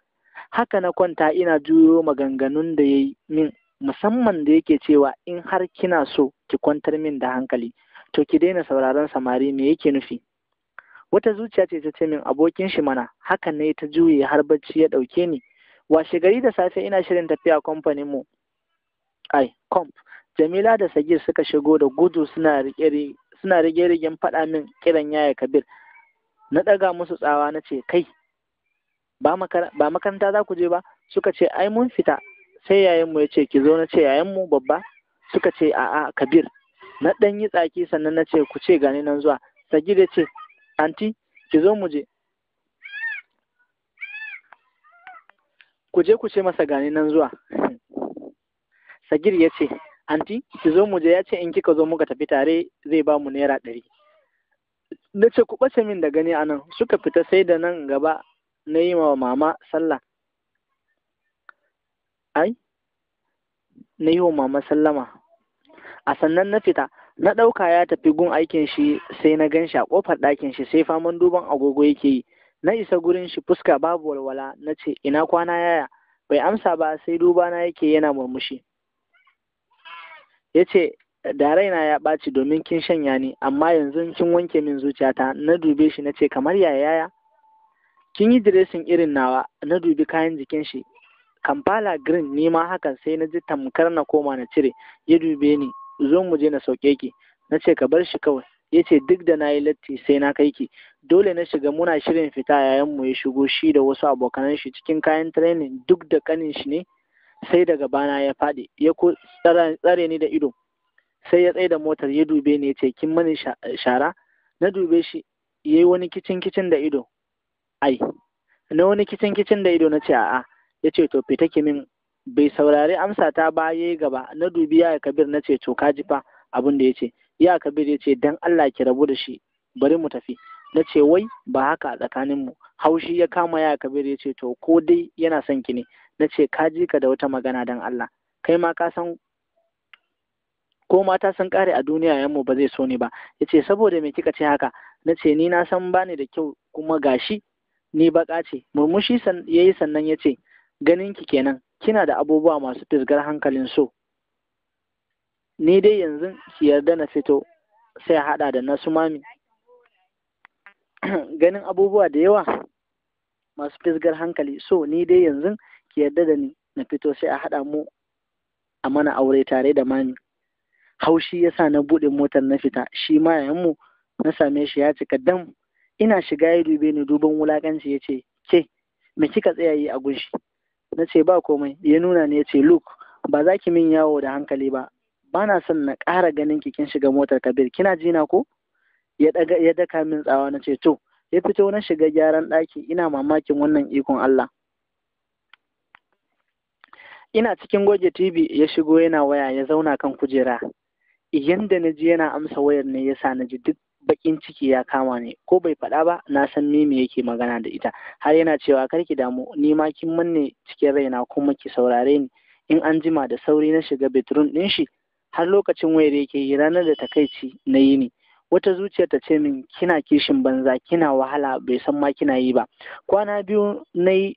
haka na kwanta ina juyo maganganun da ya yi min musamman da yake cewa in har kina so ki kwantar min da hankali to ki daina sauraron samari me yake nufi wata zuciya ce ta ce min abokin shi mana hakan ne ta juye har bacci ya ɗauke ni washe gari da safe ina shirin tafiya kamfanin mu ai comp jamila da sagir suka shigo da gudu suna rike rige rigen faɗa min kiran yaya kabir na ɗaga musu tsawa na ce kai ba makaranta za ku je ba suka ce ai mun fita sai mu ya ce ki zo na ce mu babba suka ce a'a kabir na ɗan yi tsaki sannan na ce ku ce gani nan zuwa sagir ya ce anti ki zo mu je ku je ku ce masa gani nan zuwa sagir ya ce anti ki zo mu je ya ce in kika zo muka tafi tare zai ba mu naira ɗari na ce ku ɓace min da gani a nan suka fita sai da nan gaba na yi wa mama sallah ai na yi wa mama sallama a sannan na fita na ɗauka ya tafi gun aikin shi sai na gan shi a ƙofar ɗakin shi sai faman duban agogo yake yi na isa gurin shi fuska babu walwala na ce ina kwana yaya bai amsa ba sai duba na yake yana murmushi ya ce da raina ya ɓaci domin kin shanya ni amma yanzu kin wanke min zuciyata na dube shi na ce kamar yaya yaya kin yi diresin irin nawa na dubi kayan jikin shi kampala green ni ma hakan sai na ji tamkar na koma na cire ya dube ni zo mu je na sauke ki na ce ka bar shi kawai ya ce duk da na yi latti sai na kai ki dole na shiga muna shirin fita yayan mu ya shigo shi da wasu abokanan shi cikin kayan training duk da kanin shi ne sai daga bana ya faɗi ya tsare ni da ido sai ya tsaye da motar ya dube ni ya ce kin mani shara na dube shi ya yi wani kicin kicin da ido ai na wani kicin kicin da ido na ce a'a ya ce to fita ki min bai saurari amsa ta ba ya yi gaba na dubi ya kabir na ce to ka ji fa abin da ya ce ya kabir ya ce dan Allah ki rabu da shi bari mu tafi na ce wai ba haka a tsakaninmu haushi ya kama ya kabir ya ce to ko dai yana son ki ne na ce ka ji ka da wata magana don Allah kai ma ka san ko mata sun kare a duniya yanmu ba zai so ni ba ya ce saboda me kika ce haka na ce ni na san bani da kyau kuma gashi ni baka ce murmushi ya yi sannan ya ce ganin ki kenan kina da abubuwa masu fisgar hankalin so ni dai yanzu ki yarda na fito sai haɗa da nasu mami ganin abubuwa da yawa masu fisgar hankali so ni dai yanzu ki yarda da ni na fito sai a haɗa mu a mana aure tare da mami haushi yasa na buɗe motar na fita shi ma yayanmu na same shi ya cika dam ina shiga ya dube ni duban wulakanci ya ce ke me kika tsaya yi a gunshi na ce ba komai ya nuna ni yace ce look ba za ki min yawo da hankali ba ba na son na ƙara ganin ki kin shiga motar kabir kina jina ko ya daka min tsawa na ce to ya fito na shiga gyaran ɗaki ina mamakin wannan ikon Allah ina cikin goge tv ya shigo yana waya ya zauna kan kujera yanda na ji yana amsa wayar ne yasa na ji duk bakin ciki ya kama ne ko bai faɗa ba na san mimi yake magana da ita har yana cewa kar ki damu ni ma kin manne cikin raina kuma ki saurare ni in an jima da sauri na shiga bedroom din shi har lokacin wayar yake yi ranar da takaici na yi ni wata zuciyar ta ce min kina kishin banza kina wahala bai san ma kina yi ba kwana biyu na yi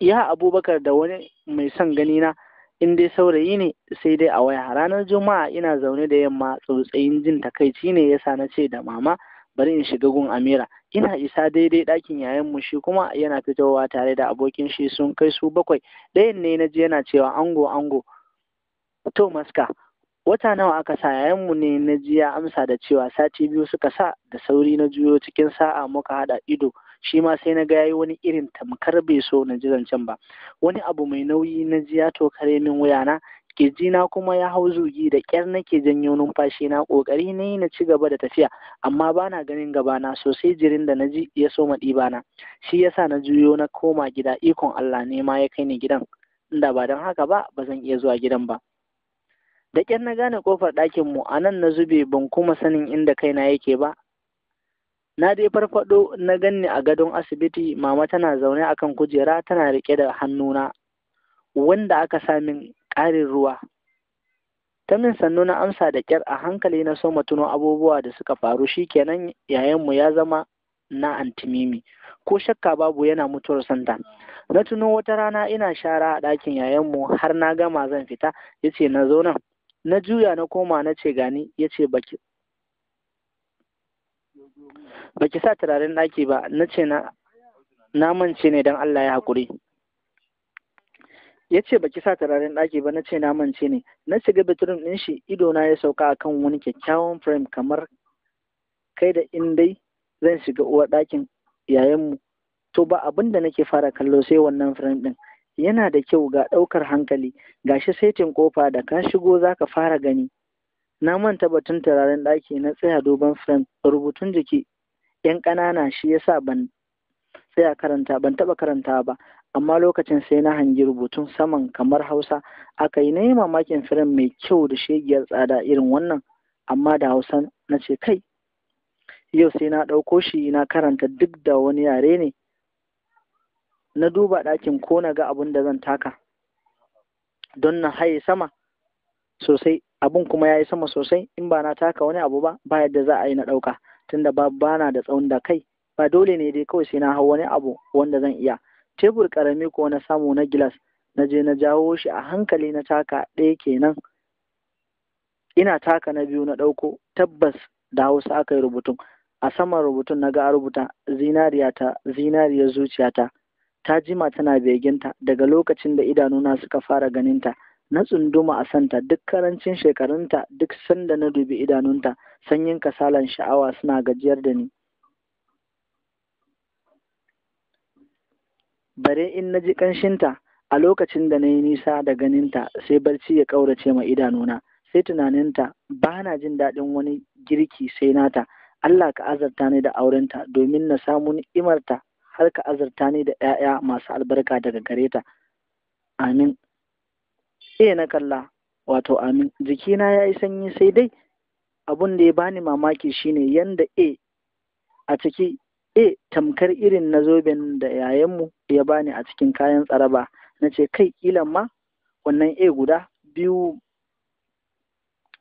ya abubakar da wani mai son gani na in dai saurayi ne sai dai a waya ranar juma'a ina zaune da yamma tsautsayin jin takaici ne yasa na ce da mama bari in shiga gun amira ina isa daidai ɗakin yayan mu shi kuma yana fitowa tare da abokin shi sun kai su bakwai ɗayan ne na ji yana cewa ango ango to maska wata nawa aka sa yayan mu ne na ji ya amsa da cewa sati biyu suka sa da sauri na juyo cikin sa'a muka haɗa ido shi ma sai na ga yayi wani irin tamkar bai so na ji zancen ba wani abu mai nauyi na ji ya tokare min wuyana na kuma ya hau zugi da ƙyar nake janyo numfashi na ƙoƙari ne na ci gaba da tafiya amma bana ganin gabana sosai jirin da na ji ya so soma ɗibana shi yasa na juyo na koma gida ikon Allah ne ma ya kai ni gidan inda ba don haka ba ba zan iya zuwa gidan ba da ƙyar na gane ƙofar ɗakin mu a nan na zube ban kuma sanin inda kaina yake ba na dai farfado na ganni a gadon asibiti mama tana zaune a kan kujera tana riƙe da hannuna wanda aka sa ƙarin ruwa ta min sannu na amsa da ƙyar a hankali na soma tuno abubuwa da suka faru Shi shikenan yayanmu ya zama na antimimi ko shakka babu yana mutuwar santa na tuno wata rana ina shara a ɗakin yayanmu har na gama zan fita ya ce na zo nan na juya na koma na ce gani ya ce ba ki sa turaren ɗaki ba na ce na mance ne don Allah ya haƙuri ya ce ba ki sa turaren ɗaki ba na ce na mance ne na shiga bitirin ɗin shi idona ya sauka a kan wani kyakkyawan frame kamar kai da in dai zan shiga uwar ɗakin yayinmu to ba abin da nake fara kallo sai wannan frame ɗin yana da kyau ga ɗaukar hankali ga shi saitin kofa da ka shigo zaka fara gani na manta batun turaren ɗaki na tsaya duban firan rubutun jiki yan ƙanana shi ya sa ban tsaya karanta ban taɓa karanta ba amma lokacin sai na hangi rubutun saman kamar hausa aka yi na yi mamakin firan mai kyau da shegiyar tsada irin wannan amma da hausa na ce kai yau sai na ɗauko shi na karanta duk da wani yare ne na duba ɗakin ko na ga abin da zan taka don na haye sama sosai abun kuma ya yi sama sosai in ba na taka wani abu ba ba yadda za a yi na ɗauka tunda ba bana da tsawon da kai ba dole ne dai kawai sai na hau wani abu wanda zan iya tebur karami ko na samu na gilas na je na jawo shi a hankali na taka ɗaya kenan ina taka na biyu na ɗauko tabbas da hausa aka yi rubutun a saman rubutun na ga a rubuta zinariya ta zinariyar zuciyata ta jima tana beginta daga lokacin da idanuna suka fara ganinta na tsunduma a santa duk karancin shekarunta duk sanda na dubi idanunta sanyin kasalan sha'awa suna gajiyar da ni bare in na ji ƙanshinta a lokacin da na yi nisa da ganinta sai barci ya ƙaurace ma idanuna sai tunaninta ba na jin daɗin wani girki sai nata Allah ka azarta ni da aurenta domin na samu ni'imarta har ka azarta ni da ‘ya'ya masu albarka daga gare ta amin sai na kalla wato amin jikina ya yi sanyi sai dai abun da ya bani mamaki shine yanda a a ciki a tamkar irin na zoben da yayanmu ya bani a cikin kayan tsaraba na ce kai kilan ma wannan a guda biyu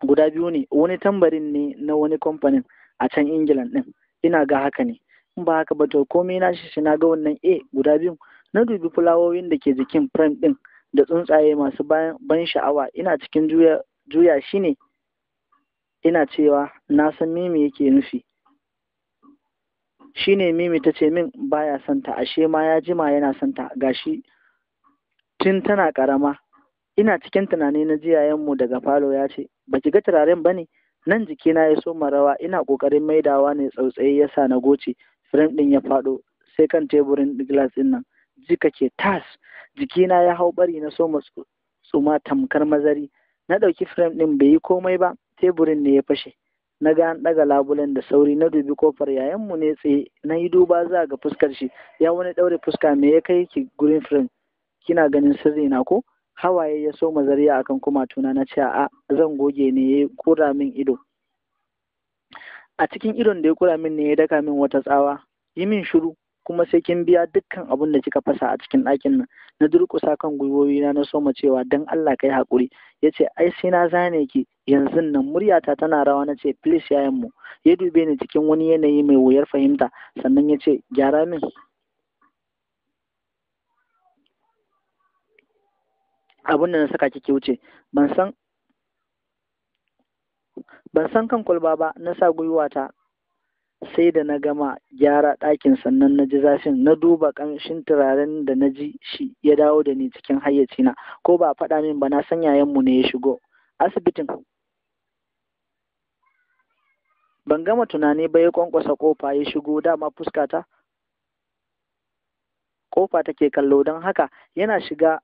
guda biyu ne wani tambarin ne na wani kamfanin a can ingilan ɗin? ina ga haka ne in ba haka ba to komai na shi na ga wannan a guda biyu na dubi fulawoyin da ke jikin prime ɗin. da tsuntsaye masu ban sha'awa ina cikin juya shi ne ina cewa na san mimi yake nufi shi ne mimi ta ce min baya santa ashe ma ya jima yana santa gashi tun tana karama ina cikin tunani na jiyayenmu daga falo ya ce Ba ki ga turaren ba ne nan jikina ya so rawa ina kokarin maidawa ne tsautsaye ya sa na goce firam ɗin ya faɗo sai kan teburin glass ɗin nan jika ke tas jikina ya hau bari na so tsuma tamkar mazari na ɗauki firam ɗin bai yi komai ba teburin ne ya fashe na ga an ɗaga labulen da sauri na dubi kofar yayanmu ne tsaye na yi duba za ga fuskar shi ya wani ɗaure fuska me ya kai ki gurin firam? kina ganin sirri na ko hawaye ya so mazariya akan kumatuna na ce a zan goge ne ya kura min ido a cikin idon da ya kura min ne ya daka min wata tsawa yi min shiru kuma sai kin biya dukkan abin da kika fasa a cikin ɗakin nan na durƙusa kan gwiwowina na soma cewa dan Allah kai haƙuri yace ai sai na zane ki yanzu nan muryata tana rawa na ce please yayan mu ya dube ni cikin wani yanayi mai wuyar fahimta sannan ya ce gyara min abin da na saka kike wuce ban san ban san kan kwalba ba na sa gwiwata sai da na gama gyara ɗakin sannan na ji zafin na duba ƙanshin turaren da na ji shi ya dawo da ni cikin hayyacina ko ba faɗa min ba na san yayanmu ne ya shigo asibitin ban gama tunani ba ya kwankwasa ƙofa, ya shigo dama fuskata Ƙofa take kallo don haka yana shiga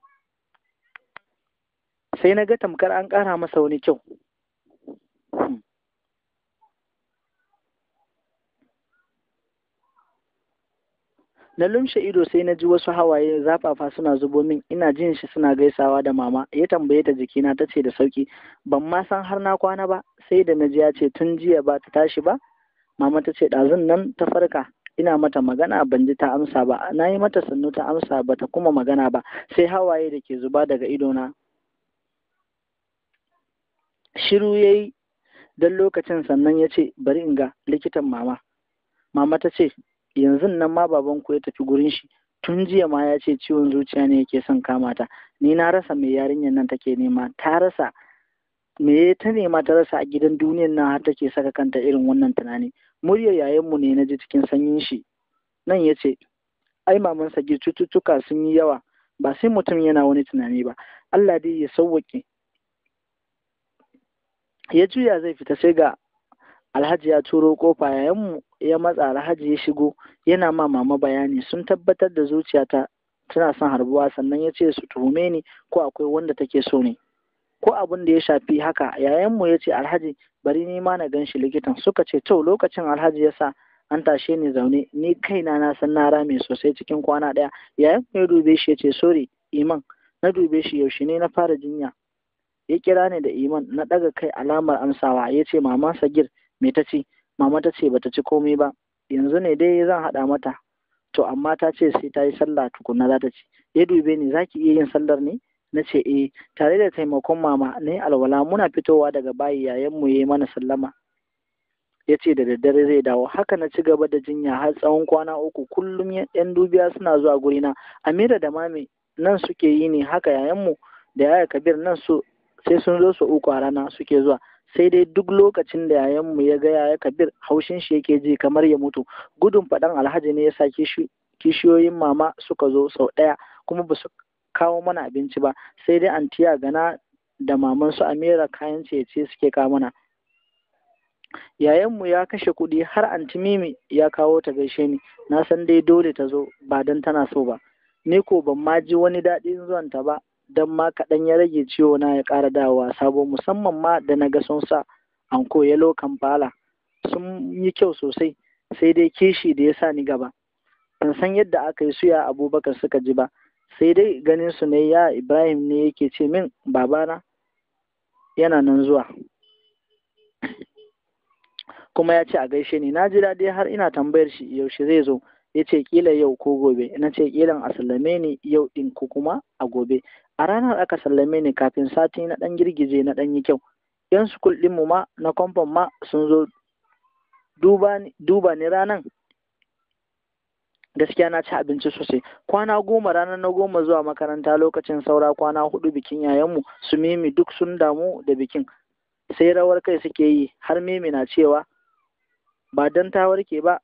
sai na ga tamkar an ƙara masa wani kyau na lumshe ido sai na ji wasu hawaye zafafa suna zubo min ina jin shi suna gaisawa da mama ya tambaye ta jikina ta ce da sauki ban ma san har na kwana ba sai da na ji ya ce tun jiya ba ta tashi ba mama ta ce ɗazun nan ta farka ina mata magana ban ji ta amsa ba na yi mata sannu ta amsa ba ta kuma magana ba sai hawaye da ke zuba daga idona shiru ya yi don lokacin sannan ya ce bari in ga likitan mama mama ta ce Yanzu nan ma baban ku ya tafi gurin shi tun jiya ma ya ce ciwon zuciya ne yake son kama ta ni na rasa mai yarinyar nan take nema ta rasa me ta nema ta rasa a gidan duniyar nan har take saka kanta irin wannan tunani muryar yayanmu ne na ji cikin sanyin shi nan ya ce ai maman sagir cututtuka sun yi yawa ba sai mutum yana wani tunani ba Allah dai ya sauwaƙe ya juya zai fita sai ga alhaji ya turo kofa yayanmu ya matsa alhaji ya shigo yana ma mama bayani sun tabbatar da zuciyata tana son harbuwa sannan ya ce su tuhume ni ko akwai wanda take so ne ko abin da ya shafi haka yayanmu ya ce alhaji bari ni ma na gan shi likitan suka ce to lokacin alhaji ya sa an tashe ni zaune ni kaina na san na rame sosai cikin kwana ɗaya yayan ya dube shi ya ce sori iman na dube shi yaushe ne na fara jinya ya kira ni da iman na ɗaga kai alamar amsawa ya ce mama sagir me ta ce mama ta ce bata ci komai ba yanzu ne dai zan haɗa mata to amma ta ce sai ta yi sallah tukunna za ta ci ya dube ni zaki iya yin sallar ne na ce eh tare da taimakon mama ne alwala muna fitowa daga bayi yayan mu yayi mana sallama ya ce da daddare zai dawo haka na ci gaba da jinya har tsawon kwana uku kullum yan dubiya suna zuwa gurina amira da mami nan suke yi ne haka yayan mu da yaya kabir nan su sai sun zo su uku a rana suke zuwa sai dai duk lokacin da yayanmu ya gaya ya kabir haushin shi yake ji kamar ya mutu gudun faɗan alhaji ne ya sa kishiyoyin mama suka zo sau ɗaya kuma ba su kawo mana abinci ba sai dai tiya gana da maman su amira kayan ciye-ciye suke kawo mana yayanmu ya kashe kuɗi har an mimi ya kawo ta gaishe ni na san dai dole ta zo ba don tana so ba ni ko ban ma ji wani daɗin zuwanta ba Don ma kaɗan ya rage ciwo na ya ƙara dawowa sabo musamman ma da na ga sun sa anko yalo kamfala sun yi kyau sosai sai dai kishi da ya sa ni gaba ban san yadda aka yi suya abubakar suka ji ba sai dai ganin su ne ya ibrahim ne yake ce min babana yana nan zuwa kuma ya ce a gaishe ni na ji daɗi har ina tambayar shi yaushe zai zo ya ce kila yau ko gobe na ce kilan a sallame ni yau din ko kuma a gobe a ranar aka sallame ni kafin sati na dan girgije na dan yi kyau yan sukul din mu ma na kwamfan ma sun zo duba ni ranan gaskiya na ci abinci sosai kwana goma ranar na goma zuwa makaranta lokacin saura kwana hudu bikin yayanmu su mimi duk sun damu da bikin sai rawar kai suke yi har mimi na cewa ba dan ta warke ba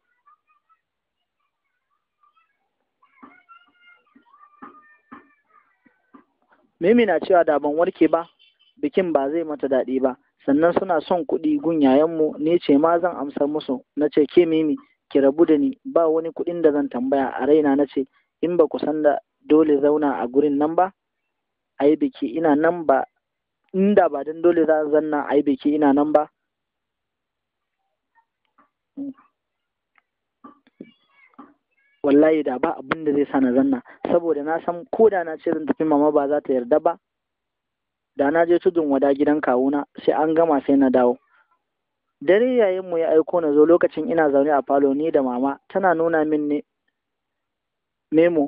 Mimi na cewa da ban warke ba, bikin ba zai mata daɗi ba, sannan suna son kuɗi gun yayanmu ne ce ma zan amsa musu, na ce ke Mimi ki rabu da ni ba wani kuɗin da zan tambaya a raina na ce in ba ku san da dole zauna a gurin nan ba, a yi biki ina nan ba, inda ba don dole za zanna a yi biki ina nan ba. wallahi da ba abin da zai sa na zanna saboda na san ko da na ce zan tafi mama ba za ta yarda ba da na je tudun wada gidan kawuna sai an gama sai na dawo dare yayin mu ya aiko na zo lokacin ina zaune a falo ni da mama tana nuna min ne memo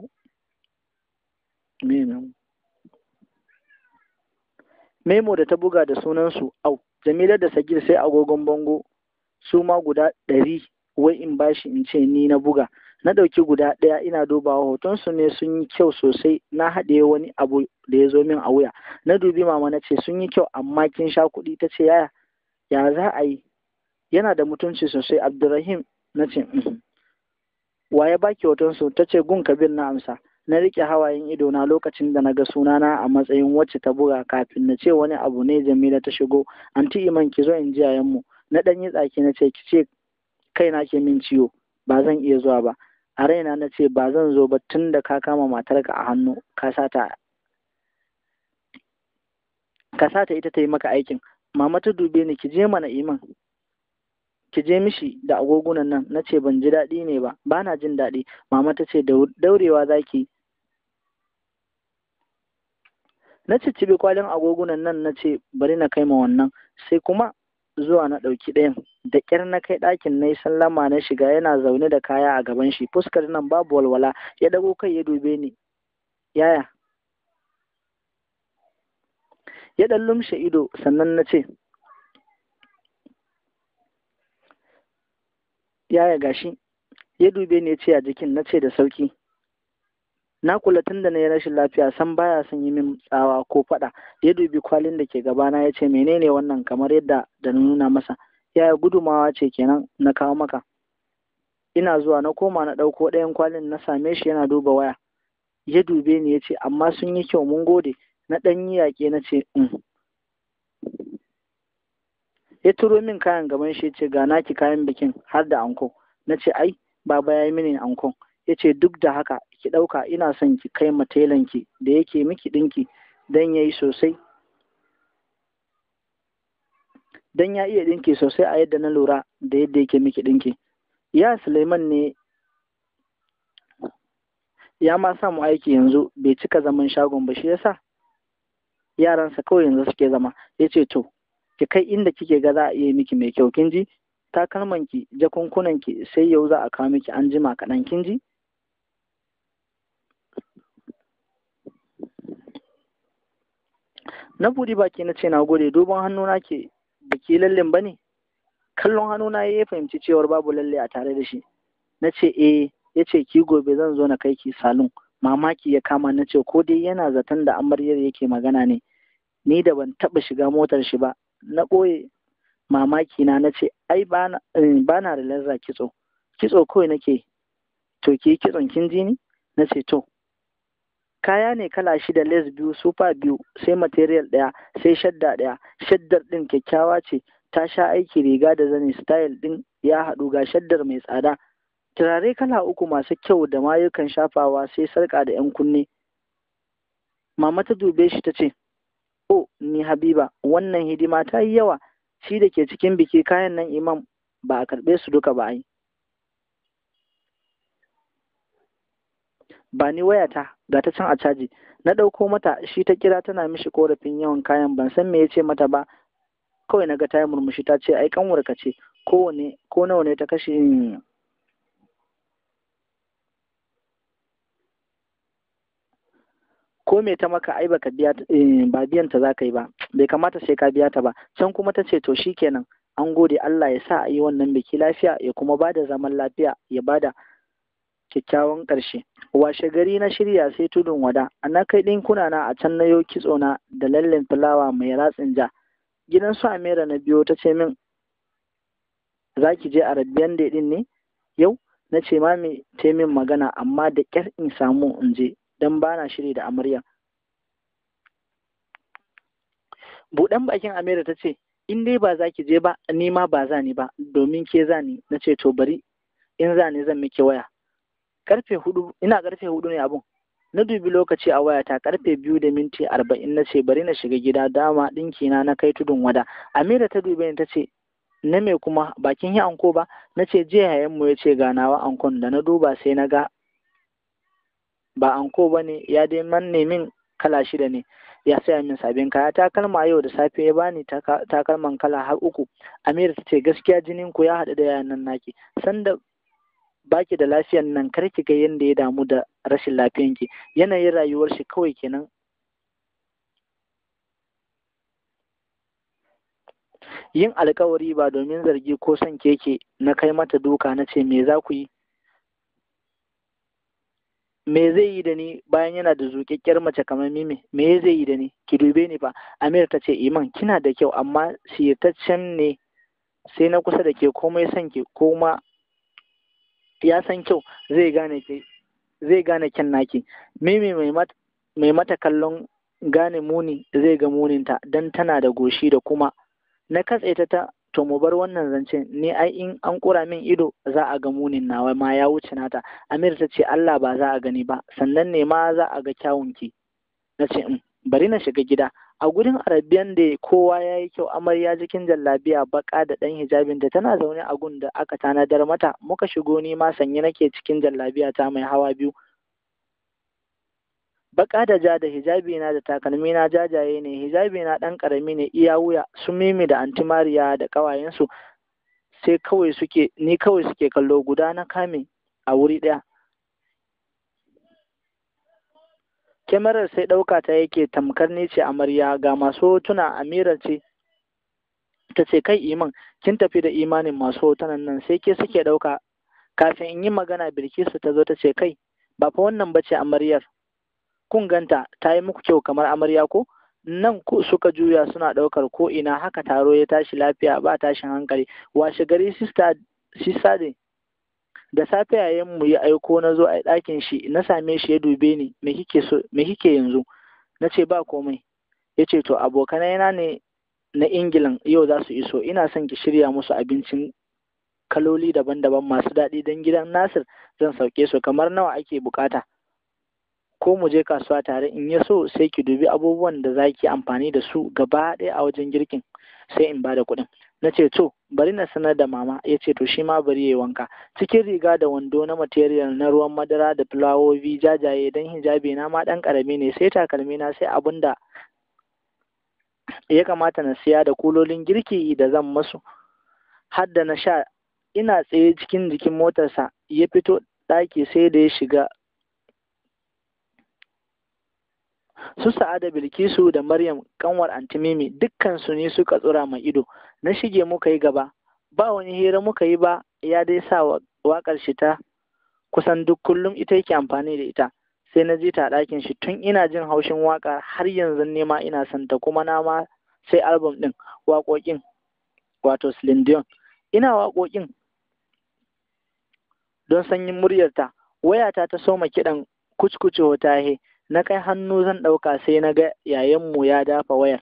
memo da ta buga da sunansu au jamila da sagir sai agogon bango su ma guda ɗari wai in bashi in ce ni na buga na ɗauki guda ɗaya ina dubawa hotonsu ne sun yi kyau sosai na haɗe wani abu da ya zo min a wuya na dubi mama na ce sun yi kyau amma kin sha kuɗi ta ce yaya ya za a yi yana da mutunci sosai abdurrahim na ce wa ya baki hotonsu ta ce gun kabir na amsa na riƙe hawayen ido na lokacin da na ga sunana a matsayin wacce ta buga kafin na ce wani abu ne jamila ta shigo anti iman ki zo in ji mu na ɗan yi tsaki na ce ki ce kaina ke min ciwo ba zan iya zuwa ba a raina na ce ba zan zo ba tun da ka kama matarka a hannu ka sata ta ita ta yi maka aikin mama ta dube ni ki je mana iman ki je mishi da agogunan nan na ce ban ji daɗi ne ba ba na jin daɗi mama ta ce daurewa za ki na ciccibi kwalin agogunan nan na ce bari na kai ma wannan sai kuma zuwa na ɗauki ɗayan da ƙyar na kai ɗakin na yi sallama na shiga yana zaune da kaya a gaban shi fuskar nan babu walwala ya dago kai ya dube ni yaya ya ɗan lumshe ido sannan na ce yaya gashi ya dube ni ya ce a jikin na ce da sauki na kula tun da na yi rashin lafiya san baya son yi min tsawa ko faɗa ya dubi kwalin da ke gabana ya ce menene wannan kamar yadda da na nuna masa yaya gudumawa ce kenan na kawo maka ina zuwa na koma na ɗauko ɗayan kwalin na same shi yana duba waya ya dube ni ya ce amma sun yi kyau mun gode na ɗan yi yaƙe na ce mm. ya turo min kayan gaban shi ya ce ga naki kayan bikin har da anko na ce ai baba ya yi mini anko. ya ce duk da haka ki ɗauka ina son ki kai ma telanki da yake miki ɗinki don ya yi sosai don ya iya ɗinki sosai a yadda na lura da yadda yake miki ɗinki ya suleiman ne ya ma samu aiki yanzu bai cika zaman shagon ba shi yasa yaransa kawai yanzu suke zama ya ce to ki kai inda kike ga za a iya miki mai kyau kin ji takalmanki jakunkunanki sai yau za a kawo miki an jima kaɗan kin ji na buɗe baki na ce na gode duban hannuna ke baki lallin ba ne kallon hannuna ya fahimci cewar babu lalle a tare da shi na ce eh ya ce ki gobe zan zo na kai ki salon mamaki ya kama na ce ko dai yana zaton da amaryar yake magana ne ni da ban taɓa shiga motar shi ba na ɓoye mamaki na na ce ai ba na eh, da larza kitso kitso kawai nake to ke kitson kin ji ni na ce to kaya ne kala shida les biyu sufa biyu sai material ɗaya sai shadda ɗaya shaddar ɗin kyakkyawa ce ta sha aiki riga da zani style ɗin ya haɗu ga shaddar mai tsada turare kala uku masu kyau da mayukan shafawa sai sarƙa da 'yan kunne mama ta dube shi ta ce oh ni habiba wannan hidima ta yi yawa shi da ke cikin biki kayan nan imam ba a karɓe su duka ba ai ba ni wayata ga ta can a caji na ɗauko mata shi ta kira tana mishi korafin yawan kayan ban san me ya ce mata ba kawai na ga ta yi murmushi ta ce ai kanwarka ce ko nawa ne ta kashe ko me ta maka ai baka biya eh, ba biyan ta zaka yi ba bai kamata sai ka biya ta ba can kuma ta ce to shikenan an gode Allah ya sa a yi wannan biki lafiya ya kuma ba da zaman lafiya ya bada kyakkyawan ƙarshe washe gari na shirya sai tudun wada na kai ɗinkuna na a can na yo kitso na da lallen fulawa mai ratsin ja gidan su amira na biyo ta ce min za ki je arabiyan da ɗin ne yau na ce ma mai ta min magana amma da ƙyar in samu in je don ba na shiri da amarya buɗan bakin amira ta ce in dai ba za ki je ba ni ma ba za ni ba domin ke za ni na ce to bari in za ni zan miki waya karfe hudu ina karfe hudu ne abun na dubi lokaci a wayata karfe biyu da minti arba'in na ce bari na shiga gida dama ɗinki na na kai tudun wada amira ta dubi ne ta ce na me kuma bakin yi anko ba na ce jiya hayan mu ya ce ganawa ankon da na duba sai na ga ba anko ba ne ya dai ne min kala shida ne ya saya min sabin kaya takalma yau da safe ya bani takalman kala har uku amira ta ce gaskiya jinin ku ya haɗu da yayan naki sanda baki da lafiyan nan kar ki ga yanda ya damu da rashin lafiyan ki yanayin rayuwar shi kawai kenan yin alkawari ba domin zargi ko son keke na kai mata duka na ce me za ku yi me zai yi da ni bayan yana da zuƙaƙƙiyar mace kamar mimi me zai yi da ni ki dube ni fa amir ta ce iman kina da kyau amma shirtaccen ne sai na kusa da ke komai son ki ko ya san kyau zai gane kyan naki mimi mai mata kallon gane muni zai ga muninta don tana da goshi da kuma na katse ta ta to bar wannan zance ni ai in an kura min ido za a ga munin nawa ma ya wuce nata amir ta ce Allah ba za a gani ba sannan ne ma za a ga kyawun ki na ce mm, bari na shiga gida a gurin arabiyan da kowa ya yi kyau amarya jikin jallabiya baka da ɗan hijabin da tana zaune a gun da aka tanadar mata muka shigo ni ma sanye nake cikin jallabiya ta mai hawa biyu baka da ja da hijabi na da takalmi na jajaye ne hijabi na dan karami ne iya wuya su mimi da antimariya da kawayensu sai kawai suke ni kawai suke kallo guda na kame a wuri ɗaya kyamarar sai ɗauka ta yake tamkar ni ce amarya ga masu hotuna amira ce ta ce kai iman kin tafi da imanin masu hotunan nan sai ke suke ɗauka kafin in yi magana bilkisu ta zo ta ce kai ba fa wannan ba ce amaryar kun ganta ta yi muku kyau kamar amarya ko nan ku suka juya suna ɗaukar ko ina haka taro ya tashi lafiya ba tashin hankali washe gari sista sista da safe yayin mu ya aiko na zo a ɗakin shi na same shi ya dube ni me kike so me kike yanzu na ce ba komai ya ce to abokanai na ne na ingilan yau za su iso ina son ki shirya musu abincin kaloli daban-daban masu daɗi don gidan nasir zan sauke su kamar nawa ake bukata ko mu je kasuwa tare in ya so sai ki dubi abubuwan da za ki amfani da su gaba ɗaya a wajen girkin sai in ba da kuɗin na ce to bari na sanar da mama ya ce to shi ma bari ya yi wanka cikin riga da wando na material na ruwan madara da fulawowi jajaye don hijabi na ma dan karami ne sai takalmi na sai abin da ya kamata na siya da kulolin girki da zan masu har na sha ina tsaye cikin jikin motarsa ya fito ɗaki sai da ya shiga su sa'ada bilkisu da maryam kanwar antimimi dukkan su ne suka tsura mai ido na shige muka yi gaba ba wani hira muka yi ba ya dai sa wakar shi ta kusan duk kullum ita yake amfani da ita sai na ji ta ɗakin shi tun ina jin haushin waƙar har yanzu nema ina son ta kuma na ma sai album ɗin waƙoƙin wato slindion ina waƙoƙin don sanyin muryarta wayata ta soma kiɗan kuskuce wata he na kai hannu zan ɗauka sai na ga yayanmu ya dafa wayar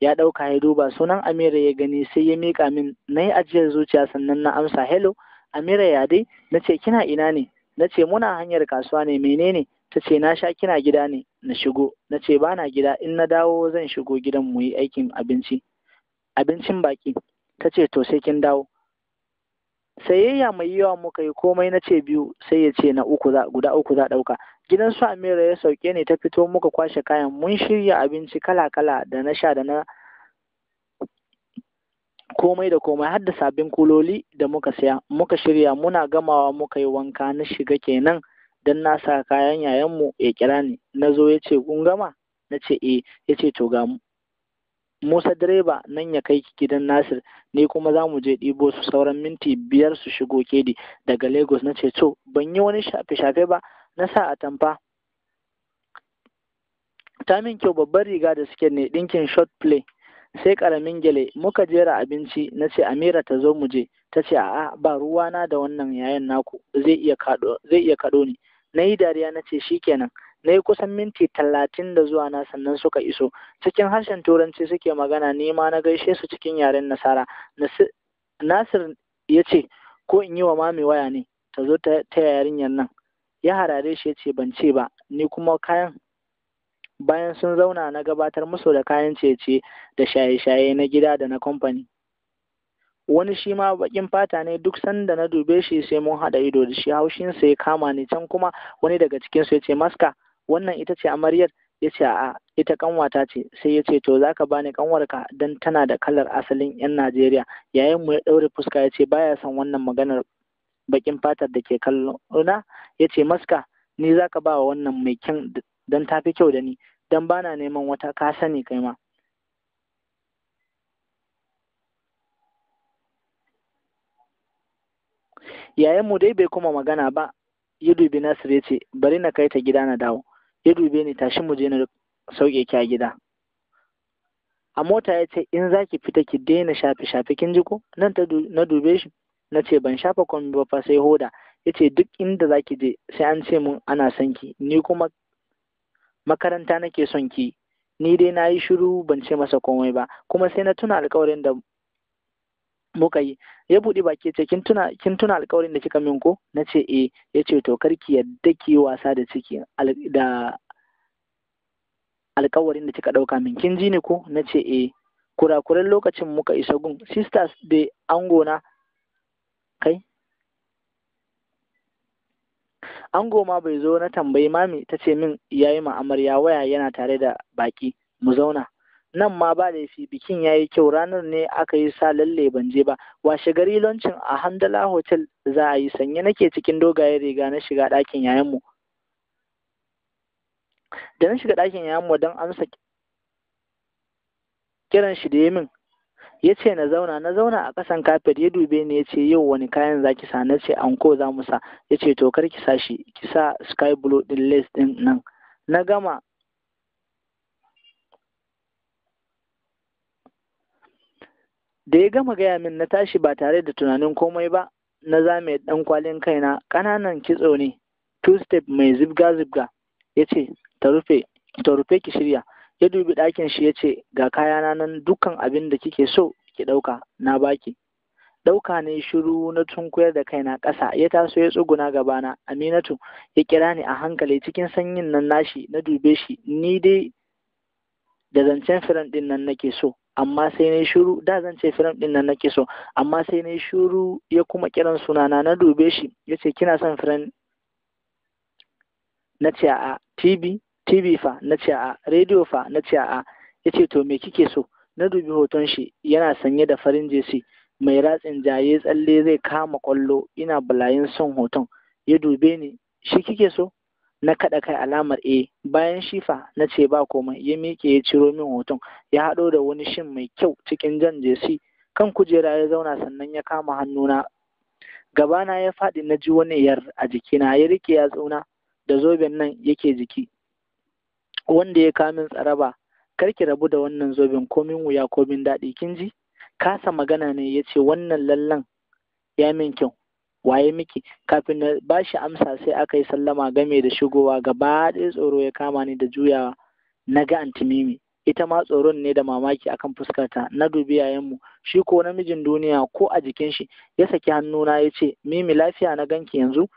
ya ɗauka ya duba sunan amira ya gani sai ya miƙa min na yi ajiyar zuciya sannan na amsa hello amira ya dai na ce kina ina ne na ce muna hanyar kasuwa ne menene ta ce na sha kina gida ne na shigo na ce ba na gida in na dawo zan shigo gidan mu yi aikin abinci abincin baki ta ce to sai kin dawo sayayya mai yawa muka yi komai na ce biyu sai ya ce na uku za guda uku za ɗauka gidan su amira ya sauke ne ta fito muka kwashe kayan mun shirya abinci kala-kala da na sha da na komai da komai har da sabbin kuloli da muka saya. muka shirya muna gamawa muka yi wanka na shiga kenan don na sa kayan yayanmu ya kira ni na zo ya ce kun gama na ce e ya ce to ga Musa direba nan ya kai gidan Nasir ni kuma za mu je ɗibo su sauran minti biyar su shigo kedi daga Lagos na ce to ban yi wani shafe-shafe ba na sa atamfa ta min kyau babbar riga da suke ne ɗinkin short play sai ƙaramin gele, muka jera abinci na ce amira ta zo mu ta ce a'a ba ruwana da wannan yayan naku zai iya kaɗo ne na yi dariya na ce shikenan na yi kusan minti talatin da zuwa na sannan suka iso cikin harshen turanci suke magana ni ma na gaishe su cikin yaren nasara nasir ya ce ko in yi wa mami waya ne ta zo ta yarinyar nan ya harare shi ya ce ban ce ba ni kuma kayan bayan sun zauna na gabatar musu da kayan cece da shaye-shaye na gida da na kamfani wani shi ma bakin fata ne duk sanda na dube shi sai mun haɗa ido da shi haushin sai kama ni can kuma wani daga cikin su yace maska wannan ita ce amaryar Ya ce a ita kanwata ce sai ya ce to za ka bani kanwarka don tana da kalar asalin yan Najeriya yayin mu ya daure fuska ya yace baya son wannan maganar bakin fatar da ke kallona ya ce maska ni za ka ba wa wannan mai kyan don ta fi kyau da ni don ba na neman wata ka sani kai ma yayanmu dai bai kuma magana ba ya dubi nasir ya ce bari na kai ta gida na dawo ya dube ni tashi mu je na sauke ki gida a mota ya ce in za ki fita ki daina shafe shafe kin ji ko nan na dube shi na ce ban shafa komai ba fa sai hoda ya ce duk inda za ki je sai an ce mun ana son ki ni kuma makaranta nake son ki ni dai na yi shiru ban ce masa komai ba kuma sai na tuna alkawarin da muka yi ya buɗe baki ce kin tuna kin alkawarin da kika min ko na ce eh ya ce to karki yadda ki wasa da ciki da alkawarin da kika ɗauka min kin ji ni ko na ce eh kurakuran lokacin muka isa gun sisters da angona kai ango ma bai zo na tambayi mami ta ce min ya yi amarya waya yana tare da baki mu zauna nan ma ba laifi bikin ya yi kyau ranar ne aka yi sa lalle ban je ba washe gari loncin a handala hotel za a yi sanye nake cikin dogaye riga na shiga ɗakin yayanmu da na shiga ɗakin yayanmu don amsa kiran shi da ya min ya ce na zauna na zauna a ƙasan kafet ya dube ni ya ce yau wani kayan za ki sa na ce anko za mu sa ya ce to kar ki sa shi ki sa sky blue din lace din nan na gama da ya gama gaya min na tashi ba tare da tunanin komai ba na za zame dan kwalin kaina ƙananan kitso ne two step mai zibga zibga ya ce ta rufe ki shirya ya dubi ɗakin shi ya ce ga kayana nan dukkan abin da kike so ki ɗauka na baki ɗauka ne shiru na tunkuyar da kaina ƙasa ya taso ya tsuguna gabana aminatu ya kira ni a hankali cikin sanyin nan nashi na dube shi ni dai da zancen firam ɗin nan nake so amma sai na shiru da zance ce firam ɗin nan nake so amma sai na shiru ya kuma kiran sunana na dube shi ya ce kina son firan na ce a tv tv fa na ce a radio fa na ce a ya ce to me kike so na dubi hoton shi yana sanye da farin jesi mai ratsin jaye tsalle zai kama kwallo ina bulayin son hoton ya dube ni shi kike so na kaɗa kai alamar A eh. bayan shi fa na ce ba komai ya miƙe ya ciro min hoton ya haɗo da wani shin mai kyau cikin jan jesi kan kujera ya zauna sannan ya kama hannuna gabana ya faɗi na ji wani yar a jikina ya riƙe ya tsuna da zoben nan yake jiki wanda ya kamin tsaraba kar ki rabu da wannan zobin komin wuya komin daɗi kin ji kasa magana ne ya ce wannan lallan ya min kyau waye miki kafin na ba shi amsa sai aka yi sallama game da shigowa gaba ɗaya tsoro ya kama ni da juyawa na ga antimimi ita ma tsoron ne da mamaki akan fuskarta na dubi yayinmu. shi ko namijin duniya ko a jikin shi ya saki hannuna ya ce mimi lafiya na ganki yanzu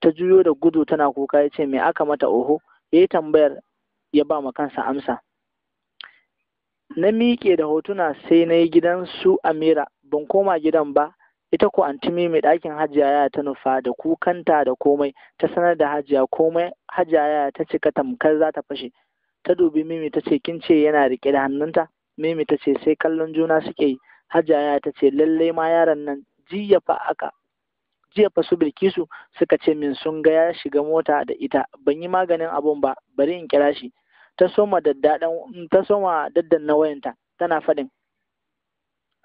ta juyo da gudu tana kuka ya ce me aka mata oho ya yi tambayar ya ba ma kansa amsa na miƙe da hotuna sai na yi gidan su amira ban koma gidan ba ita ko antimi mai ɗakin hajiya yaya ta nufa da kukanta da komai ta sanar da hajiya komai hajiya yaya ta cika tamkar za ta fashe ta dubi mimi ta ce kin ce yana riƙe da hannunta mimi ta ce sai kallon juna suke yi hajiya yaya ta ce lallai ma yaran nan jiya fa aka jiya fa su bilkisu suka ce min sun ga ya shiga mota da ita ban yi maganin abun ba bari in kira shi ta soma daddaɗan ta soma na wayanta tana faɗin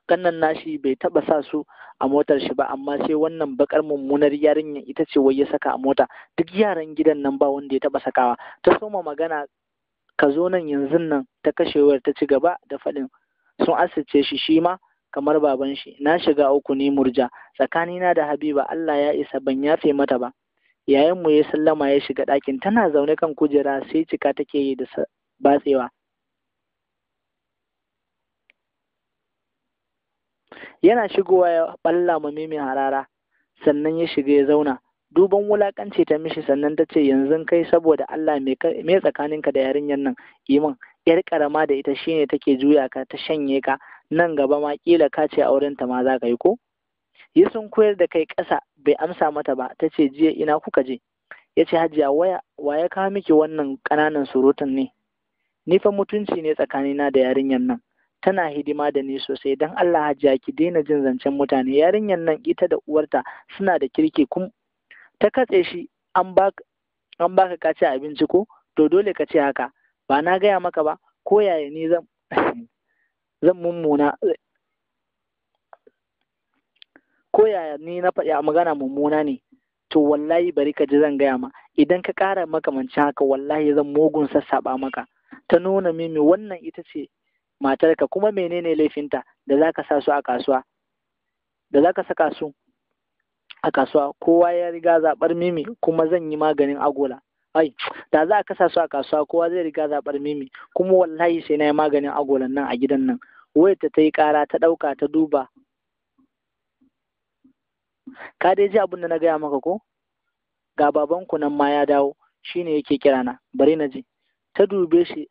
kannan nashi bai taɓa sa su a motar shi ba amma sai wannan bakar mummunar yarinyar ita ce wai ya saka a mota duk yaran gidan nan ba wanda ya taɓa sakawa ta soma magana ka zo nan yanzu nan ta kashewar ta ci gaba da faɗin sun asirce shi shi ma kamar baban shi na shiga uku ne murja tsakanina da habiba Allah ya isa ban yafe mata ba mu ya sallama ya shiga ɗakin tana zaune kan kujera sai cika take yi da batsewa yana shigowa ya balla ma mimi harara sannan ya shiga ya zauna duban wulakanci ta mishi sannan ta ce yanzu kai saboda Allah me tsakaninka da yarinyar nan iman yar karama da ita shine take juya ka ta shanye ka nan gaba ma ƙila ka ce aurenta wurinta ma za ka yi ko yi sun koyar da kai ƙasa bai amsa mata ba ta ce jiya ina kuka je ya ce hajiya waya wa ya kawo miki wannan ƙananan surutun ne ni fa mutunci ne tsakanina da yarinyar nan tana hidima da ni sosai don Allah hajiya ki daina jin zancen mutane yarinyar nan ita da uwarta suna da kirki kum ta katse shi an baka kace abinci ko to dole ka ce haka ba na gaya maka ba ko yaya ni zan mummuna ko yaya ni na faɗi a magana mummuna ne to wallahi bari ka ji zan gaya ma idan ka ƙara makamancin haka wallahi zan mugun sassaɓa maka ta nuna mimi wannan ita ce matarka kuma menene laifinta da za ka sa su a kasuwa da za ka saka su a kasuwa kowa ya riga zaɓar mimi kuma zan yi maganin agola ai da za ka sa su a kasuwa kowa zai riga zaɓar mimi kuma wallahi sai na yi maganin agolan nan a gidan nan ta ta yi ƙara ta ɗauka ta duba ka dai ji abin da na gaya maka ko ga babanku nan ma ya dawo shine yake kira na bari na ji ta dube shi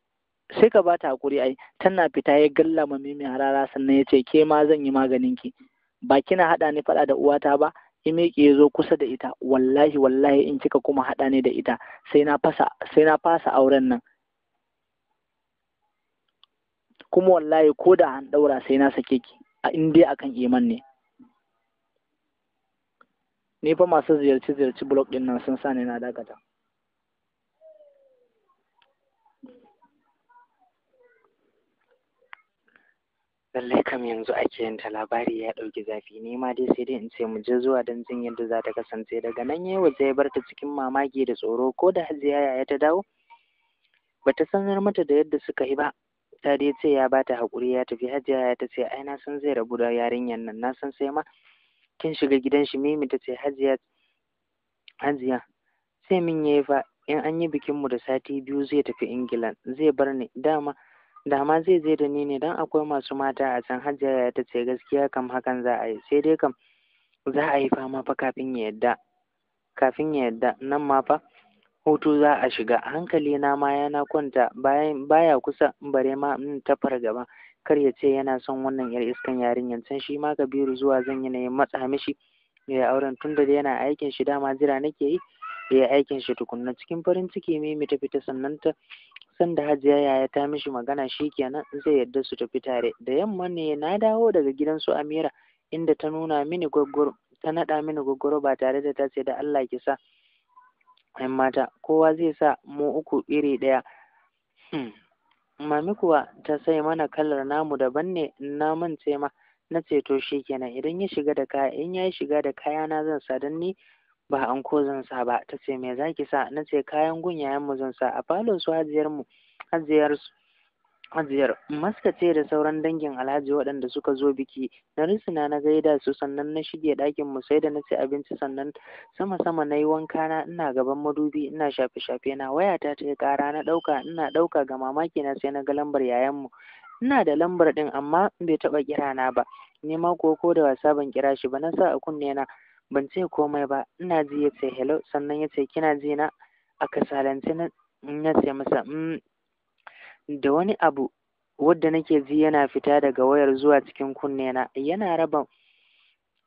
sai ka bata hakuri ai tana fita ya galla ma mimi harara sannan ya ce ke ma zan yi maganin ki ba kina haɗa ni faɗa da uwata ba imeki ya zo kusa da ita wallahi wallahi in kika kuma haɗa ni da ita sai na fasa sai na fasa auren nan kuma wallahi ko da an ɗaura sai na sake ki in dai akan iman ne ni fa masu ziyarci ziyarci blog din nan sun sa ni na dakata lallai kam yanzu ake yin ta labari ya ɗauki zafi ne ma dai sai dai in ce mu je zuwa don jin yadda za ta kasance daga nan yayi waje ya bar ta cikin mamaki da tsoro ko da hajiya ya ta dawo bata sanar mata da yadda suka yi ba ta dai ce ya ba ta haƙuri ya tafi hajiya ya ta ce ai na san zai rabu da yarinyar nan na san sai ma kin shiga gidan shi mimi ta ce hajiya hajiya sai min yayi fa in an yi bikin mu da sati biyu zai tafi Ingila zai bar ni dama dama zai je da ni ne dan akwai masu mata a can hajiya ta ce gaskiya kam hakan za a yi sai dai kam za a yi fama fa kafin ya yadda kafin ya yadda nan ma fa hutu za a shiga hankali na ma yana kwanta bayan baya kusa bare ma ta fargaba kar ya ce yana son wannan yar iskan yarinyar can shi ma kabiru zuwa zan yi na ya matsa mishi ya auren tun da yana aikin shi dama jira nake yi ya aikin shi tukunna cikin farin ciki mimi ta fita sannan ta san da hajiya yaya ta mishi magana shi kenan zai yarda su tafi tare da yamma ne na dawo daga gidan su amira inda ta nuna mini gwaggwaro ta naɗa mini gwaggwaro ba tare da ta ce da allah ki sa 'yan mata kowa zai sa mu uku iri ɗaya hmm. mami kuwa ta sai mana kalar namu daban ne na ce ma na ce to kenan idan ya shiga da kaya in ya shiga da kaya na zan sa dan ni ba anko zan sa ba ta ce me zaki sa na ce kayan gunyayen mu zan sa a falon su hajiyar mu hajiyar ajiyar Maska ce da sauran dangin Alhaji waɗanda suka zo biki na risina na gaida su sannan na shige ɗakin mu sai da na ci abinci sannan sama sama na yi wanka na ina gaban madubi ina shafe shafe na waya ta ƙara na ɗauka ina ɗauka ga mamaki na sai na ga lambar yayan mu ina da lambar ɗin amma bai taɓa kira na ba ni ma ko ko da wasa ban kira shi ba na sa a kunne na ban ce komai ba ina ji ya ce hello sannan ya ce kina ji na a kasalance na ce masa mm. da wani abu wadda nake ji yana fita daga wayar zuwa cikin kunnena yana raba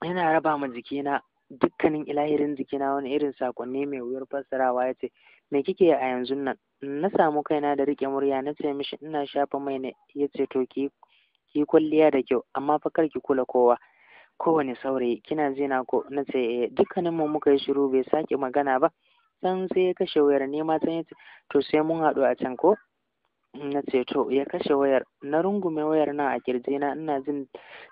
yana raba ma jikina dukkanin ilahirin jikina wani irin sakonni mai wuyar fassarawa ya ce me kike a yanzu nan na samu kaina da rike murya na ce mishi ina shafa mai ne ya ce to ki ki kwalliya da kyau amma fa kar ki kula kowa kowane saurayi kina zina ko na ce eh dukkanin mu muka yi shiru bai sake magana ba san sai ya kashe wayar ne ma san to sai mun haɗu a can ko na ce to ya kashe wayar na rungume wayar na a kirje na ina jin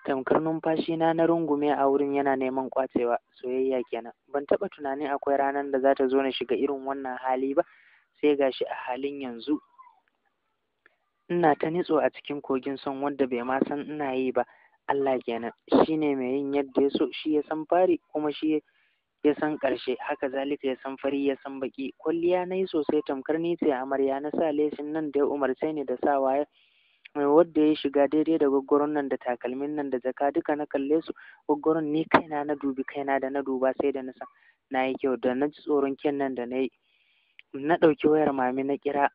tamkar numfashi na na rungume a wurin yana neman kwacewa soyayya kenan ban taba tunanin akwai ranar da za ta zo na shiga irin wannan hali ba sai gashi a halin yanzu ina ta nitso a cikin kogin son wanda bai ma san ina yi ba Allah kenan shine mai yin yadda ya so shi ya san fari kuma shi ya san ƙarshe haka zalika ya san fari ya san baki kwalliya na yi sosai tamkar ni ce amarya na sa lesin nan da ya umarce ni da sawa mai wadda ya shiga daidai da gwaggwaron nan da takalmin nan da jaka duka na kalle su gwaggwaron ni kaina na dubi kaina da na duba sai da na san yi kyau da na ji tsoron kyan nan da na yi na ɗauki wayar mami na kira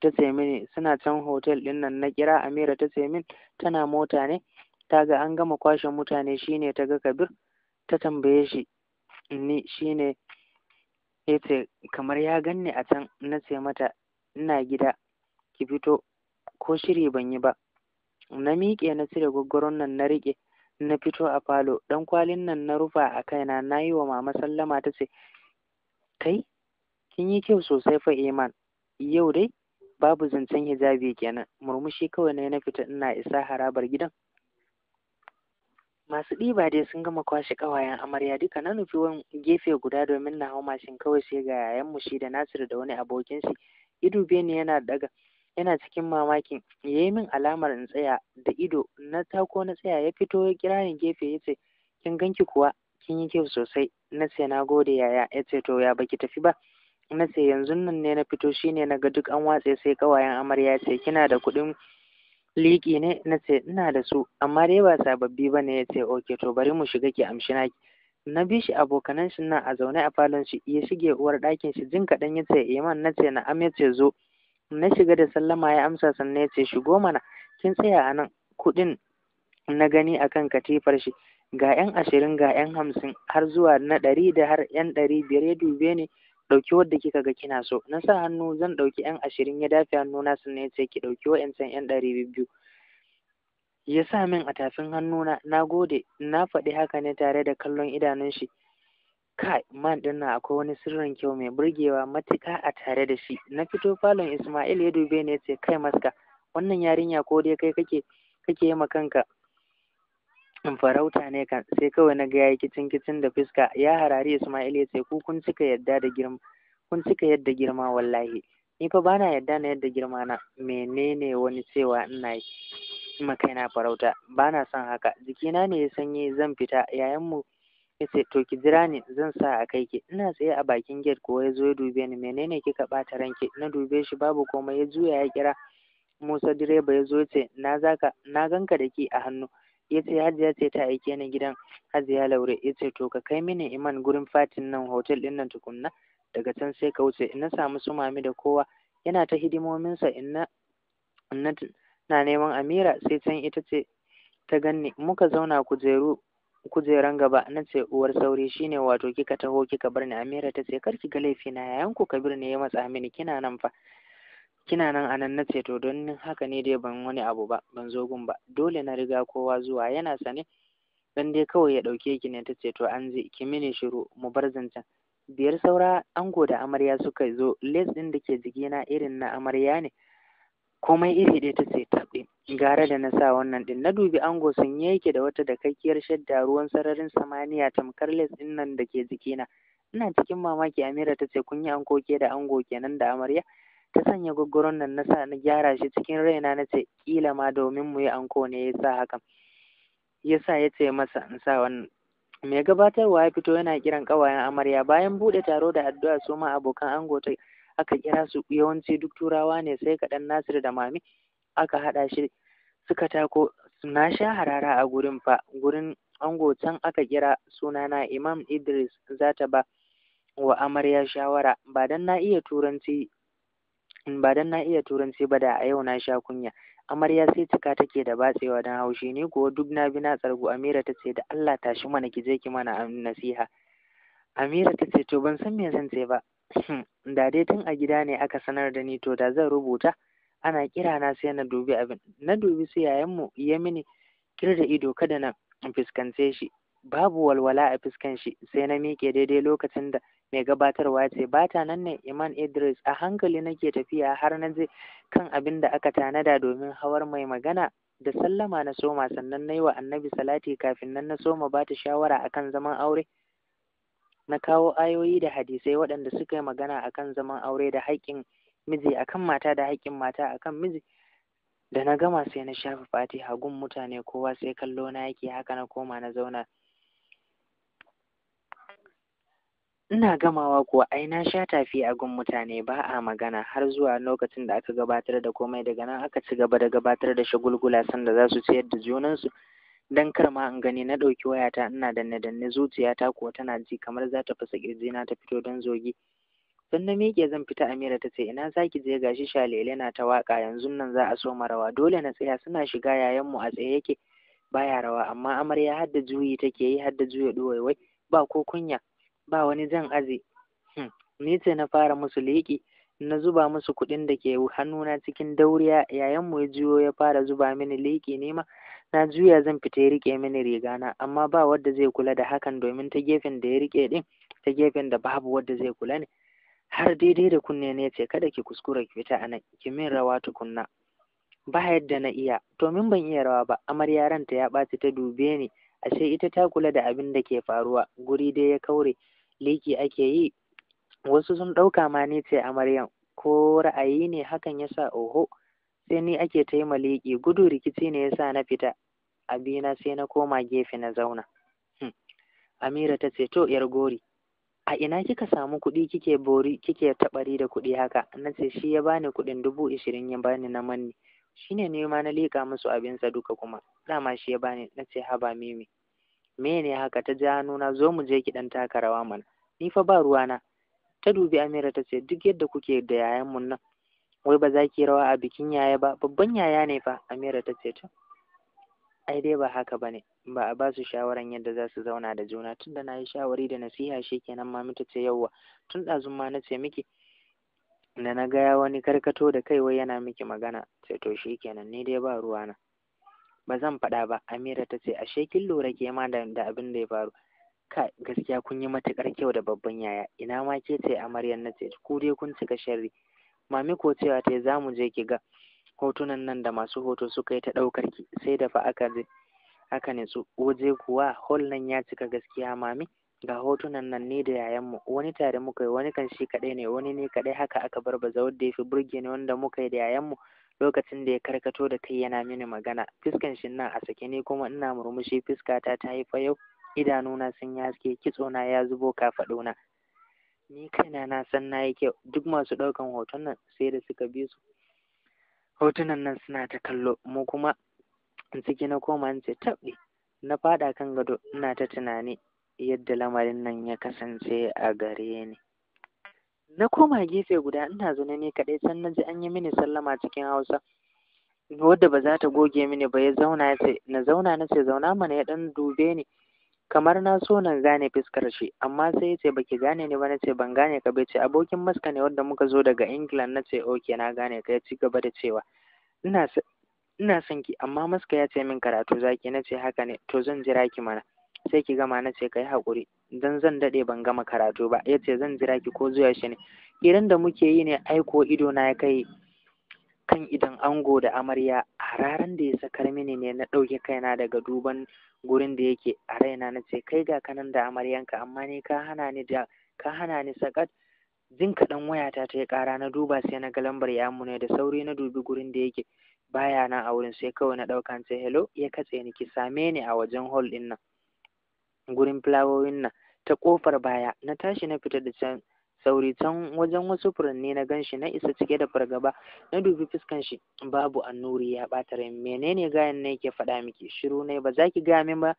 ta ce mini suna can hotel ɗin nan na kira amira ta ce min tana mota ne ta ga an gama kwashe mutane shine ta ga kabir ta tambaye shi ni ne ya ce kamar ya ganni a can na ce mata ina gida ki fito ko shiri ban yi ba na miƙe na cire gwaggwaron nan na riƙe na fito a falo ɗan kwalin nan na rufa a kaina na yi wa mama sallama ta ce kai kin yi kyau sosai fa iman yau dai babu zancen hijabi kenan murmushi kawai ne na fita ina isa harabar gidan masu ɗiba dai sun gama kwashe ƙawayen amarya duka na nufi wani gefe guda domin na hau mashin kawai sai ga yayan mu shi da Nasiru da wani abokin shi ido yana daga yana cikin mamakin ya yi min alamar in tsaya da ido na tako na tsaya ya fito ya kira ni gefe ya ce kin ganki kuwa kin yi kyau sosai na ce na gode yaya ya ce to ya baki tafi ba na ce yanzu nan ne na fito shine na ga duk an watse sai ƙawayen amarya ce kina da kuɗin liƙi ne na ce ina da su amma dai ba sababbi ba ne ya ce ok to bari mu shiga ki amshi naki na bi shi abokanan shi nan a zaune a falon shi ya shige uwar ɗakin shi jin kaɗan ya ce iman na ce na am ya ce zo na shiga da sallama ya amsa sannan ya ce shigo mana kin tsaya a nan kuɗin na gani a kan katifar shi ga yan ashirin ga yan hamsin har zuwa na ɗari da har yan ɗari biyar ya dube ni ɗauki wadda kika ga kina so na sa hannu zan ɗauki yan ashirin ya dafe hannuna sannan ya ce ki ɗauki wa'yancan yan ɗari biyu ya sa min a tafin hannuna na gode na faɗi haka ne tare da kallon idanun shi kai man ɗin nan akwai wani sirrin kyau mai burgewa matuƙa a tare da shi na fito falon ismail ya dube ni ya ce kai maska wannan yarinya ko dai kai kake kake yi ma kanka in farauta ne kan sai kawai na ga yayi kicin kicin da fuska ya harari Ismail ya ce ku kun cika yadda da girma kun cika yadda girma wallahi ni fa bana yadda na yadda girma na menene wani cewa ina yi kai na farauta bana son haka jikina ne ya sanye zan fita yayan mu yace to ki jira ni zan sa a kai ki ina tsaye a bakin gate ko ya zo ya dube ni menene kika bata ranki na dube shi babu komai ya juya ya kira Musa direba ya zo ya ce na zaka na ganka da ki a hannu ya ce hajiya ce ta aike ni gidan hajiya laure ya ce to ka kai mini iman gurin fatin nan hotel ɗin nan tukunna daga can sai ka wuce in na samu su mami da kowa yana ta hidimominsa in na na neman amira sai can ita ce ta ganni muka zauna kujeru kujeran gaba na ce uwar sauri shine wato kika taho kika bar ni amira ta ce kar ki ga laifi na yayan ku kabir ne ya matsa mini kina nan fa kina nan anan na ceto to don haka ne dai ban wani abu ba ban zo gun ba dole na riga kowa zuwa yana sane dan dai kawai ya ɗauke ki ne ta ceto an zai ki mini shiru mu bar zancen biyar saura ango da amarya suka zo les ɗin da ke jikina irin na amarya ne komai iri ɗaya ta ce taɓe gara da na sa wannan din na dubi ango sun yake da wata dakakkiyar shadda ruwan sararin samaniya tamkar les din nan da ke jikina ina cikin mamaki amira ta ce kun yi anko da ango kenan da amarya ta sanya gwaggwaron nan na sa na gyara shi cikin raina na ce ƙila ma domin mu yi anko ne ya sa haka ya sa ya ce masa in sa wannan mai gabatarwa ya fito yana kiran ƙawayen amarya bayan buɗe taro da addu'a su ma abokan ango ta aka kira su yawanci duk turawa ne sai kaɗan Nasiru da mami aka haɗa shi suka tako na sha harara a gurin fa gurin ango can aka kira sunana imam idris za ta ba wa amarya shawara ba don na iya turanci ba dan na iya turanci ba da a yau na sha kunya amarya sai cika take da batsewa dan haushi ni kuwa duk na bi na tsargu amira ta ce da allah tashi mana ki je ki mana nasiha amira ta ce to ban san me zan ce ba hmm, da dai tun a gida ne aka sanar da ni to da zan rubuta ana kira na sai na dubi abin na dubi su yayanmu ya mini kir da ido kada na fuskance shi babu walwala a fuskan shi sai na mike daidai lokacin da mai gabatarwa ya ce ba ta nan ne iman idris a hankali nake tafiya har na je kan abin da aka tanada domin hawar mai magana da sallama na soma sannan na yi wa annabi salati kafin nan na soma ba ta shawara akan zaman aure na kawo ayoyi da hadisai waɗanda suka yi magana akan zaman aure da haƙƙin miji akan mata da haƙƙin mata akan miji da na gama sai na shafa fatiha gun mutane kowa sai kallo na yake haka na koma na zauna ina gamawa kuwa ai na sha tafi a gun mutane ba a magana har zuwa lokacin da aka gabatar da komai daga nan aka ci gaba da gabatar da shagulgula sanda za su ciyar da junansu dan kar ma in gani na ɗauki wayata ina danne danne zuciyata kuwa tana ji kamar za ta fasa na ta fito don zogi don na miƙe zan fita amira ta ce ina za ki je ga shi shalele na ta waƙa yanzu nan za a so rawa dole na tsaya suna shiga yayanmu a tsaye yake baya rawa amma amarya har juyi take yi har da juya ɗuwaiwai ba ko kunya ba wani jan aji hmm. ni ce na fara musu liƙi na zuba musu kuɗin da ke hannuna cikin dauriya Yayan mu ya juyo ya fara zuba mini liƙi nema na juya zan fita ya riƙe mini na. amma ba wadda zai kula da hakan domin ta gefen da ya riƙe ɗin ta gefen da babu wadda zai kula ne har daidai da kunne ne ce kada ki kuskura ki fita anan ki min rawa tukunna ba yadda na iya to min ban iya rawa ba amarya ranta ya ɓaci ta dube ni ashe ita ta kula da abin da ke faruwa guri dai ya kaure liki ake yi wasu sun ɗauka ma ni ce amaryan ko ra'ayi ne hakan ya sa oho sai ni ake ta yi liki." gudu rikici ne ya sa na fita abina sai na koma gefe na zauna hmm. amira ta ce to yar gori a ina kika samu kuɗi kike bori kike taɓari da kuɗi haka na ce shi ya bani kuɗin dubu ishirin ya bani na manni shine ne ma na liƙa musu abinsa duka kuma dama shi ya bani na ce haba mimi Mene haka ta ja hannuna zo mu je ki dan taka rawa mana ni fa ba ruwana ta dubi amira ta ce duk yadda kuke da yayan mun nan wai ba za ki rawa a bikin yaya ba babban yaya ne fa amira ta ce ta ai dai ba haka ba ne ba a ba su shawaran yadda za su zauna da juna tun da na yi shawari da nasiha shi kenan mami ce yauwa tun ɗazun ma na ce miki da na gaya wani karkato da kai wai yana miki magana ce to shi kenan ni dai ba ruwa na. ba zan faɗa ba amira ta ce ashe kin lura ke ma da abin da ya faru ka gaskiya kun yi matuƙar kyau da babban yaya ina ma ke ce amaryar na ce ku dai kun cika sharri mami ko cewa ta za mu je ki ga hotunan nan da masu hoto suka yi ta ɗaukar ki sai da fa aka je aka nitsu waje kuwa hol nan ya cika gaskiya mami ga hotunan nan ni da yayanmu wani tare muka yi wani kan shi kaɗai ne wani ne kaɗai haka aka bar ba, zawar da ya fi burge ne wanda muka yi da yayanmu lokacin da ya karkato da kai yana mini magana fiskan shi na a sake ne, kuma ina murmushi fiskata ta yi fayau idanuna sun yi haske kitsona ya zubo kafaɗona ni kaina na san na yi kyau duk masu ɗaukan hoton nan sai da suka bi su hotunan nan suna ta kallo mu kuma in ciki na koma in ce tabɗi na faɗa kan gado ina ta tunani yadda lamarin nan ya kasance a gare ni na koma gefe guda ina zaune ne kaɗai san na ji an yi mini sallama cikin hausa wadda ba za ta goge mini ba ya zauna ya ce na zauna na ce zauna mana ya ɗan dube ni kamar na so na gane fiskar shi amma sai ya ce baki gane ni ba na ce ban gane ka bai ce abokin maska ne wanda muka zo daga england na ce ok na gane ka ya ci gaba da cewa ina ina son ki amma maska ya ce min karatu zaki na ce haka ne to zan jira ki mana sai ki gama na ce kai haƙuri dan zan daɗe ban gama karatu ba ya ce zan jira ki ko zuwa shi ne idan da muke yi ne aiko ido na ya kai kan idan ango da amarya a raran da ya sakar mini ne na ɗauke kaina daga duban gurin da yake a raina na ce kai ga kanan da amaryanka amma ne ka hana ni da ka hana ni sakat jin kaɗan wayata ta ya ƙara na duba sai na ga lambar ya ne da sauri na dubi gurin da yake baya nan a wurin sai kawai na ɗauka ce hello ya katse ni ki same ni a wajen hall ɗin nan gurin filawoyin nan ta kofar baya na tashi na fita da can sauri can wajen wasu furanni na ganshi na isa cike da fargaba na dubi fuskan shi babu annuri ya ɓata rai menene gayan ne yake faɗa miki shiru ne ba za ki ga min ba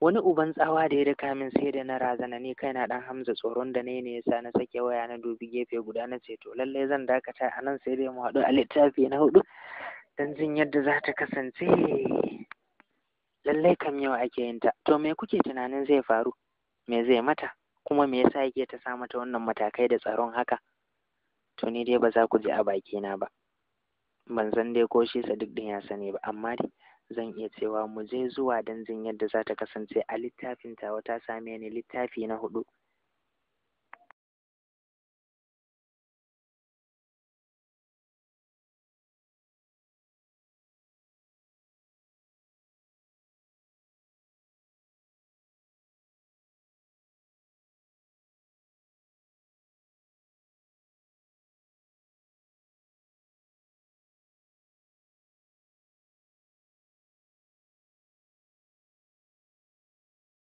wani uban tsawa da ya daka min sai da na razana ni kaina dan Hamza tsoron da ne ne yasa na sake waya na dubi gefe guda na ce to lallai zan dakata a nan sai dai mu haɗu a littafi na hudu dan jin yadda za ta kasance lallai kam yau ake yin ta to me kuke tunanin zai faru me zai mata kuma me yasa yake ta sa mata wannan matakai da tsaron haka to ni dai ba za ku je a baki na ba ban san dai ko shi duk din ya sani ba amma dai zan iya cewa mu je zuwa danzin yadda za ta kasance a littafin wata wata same ni littafi na hudu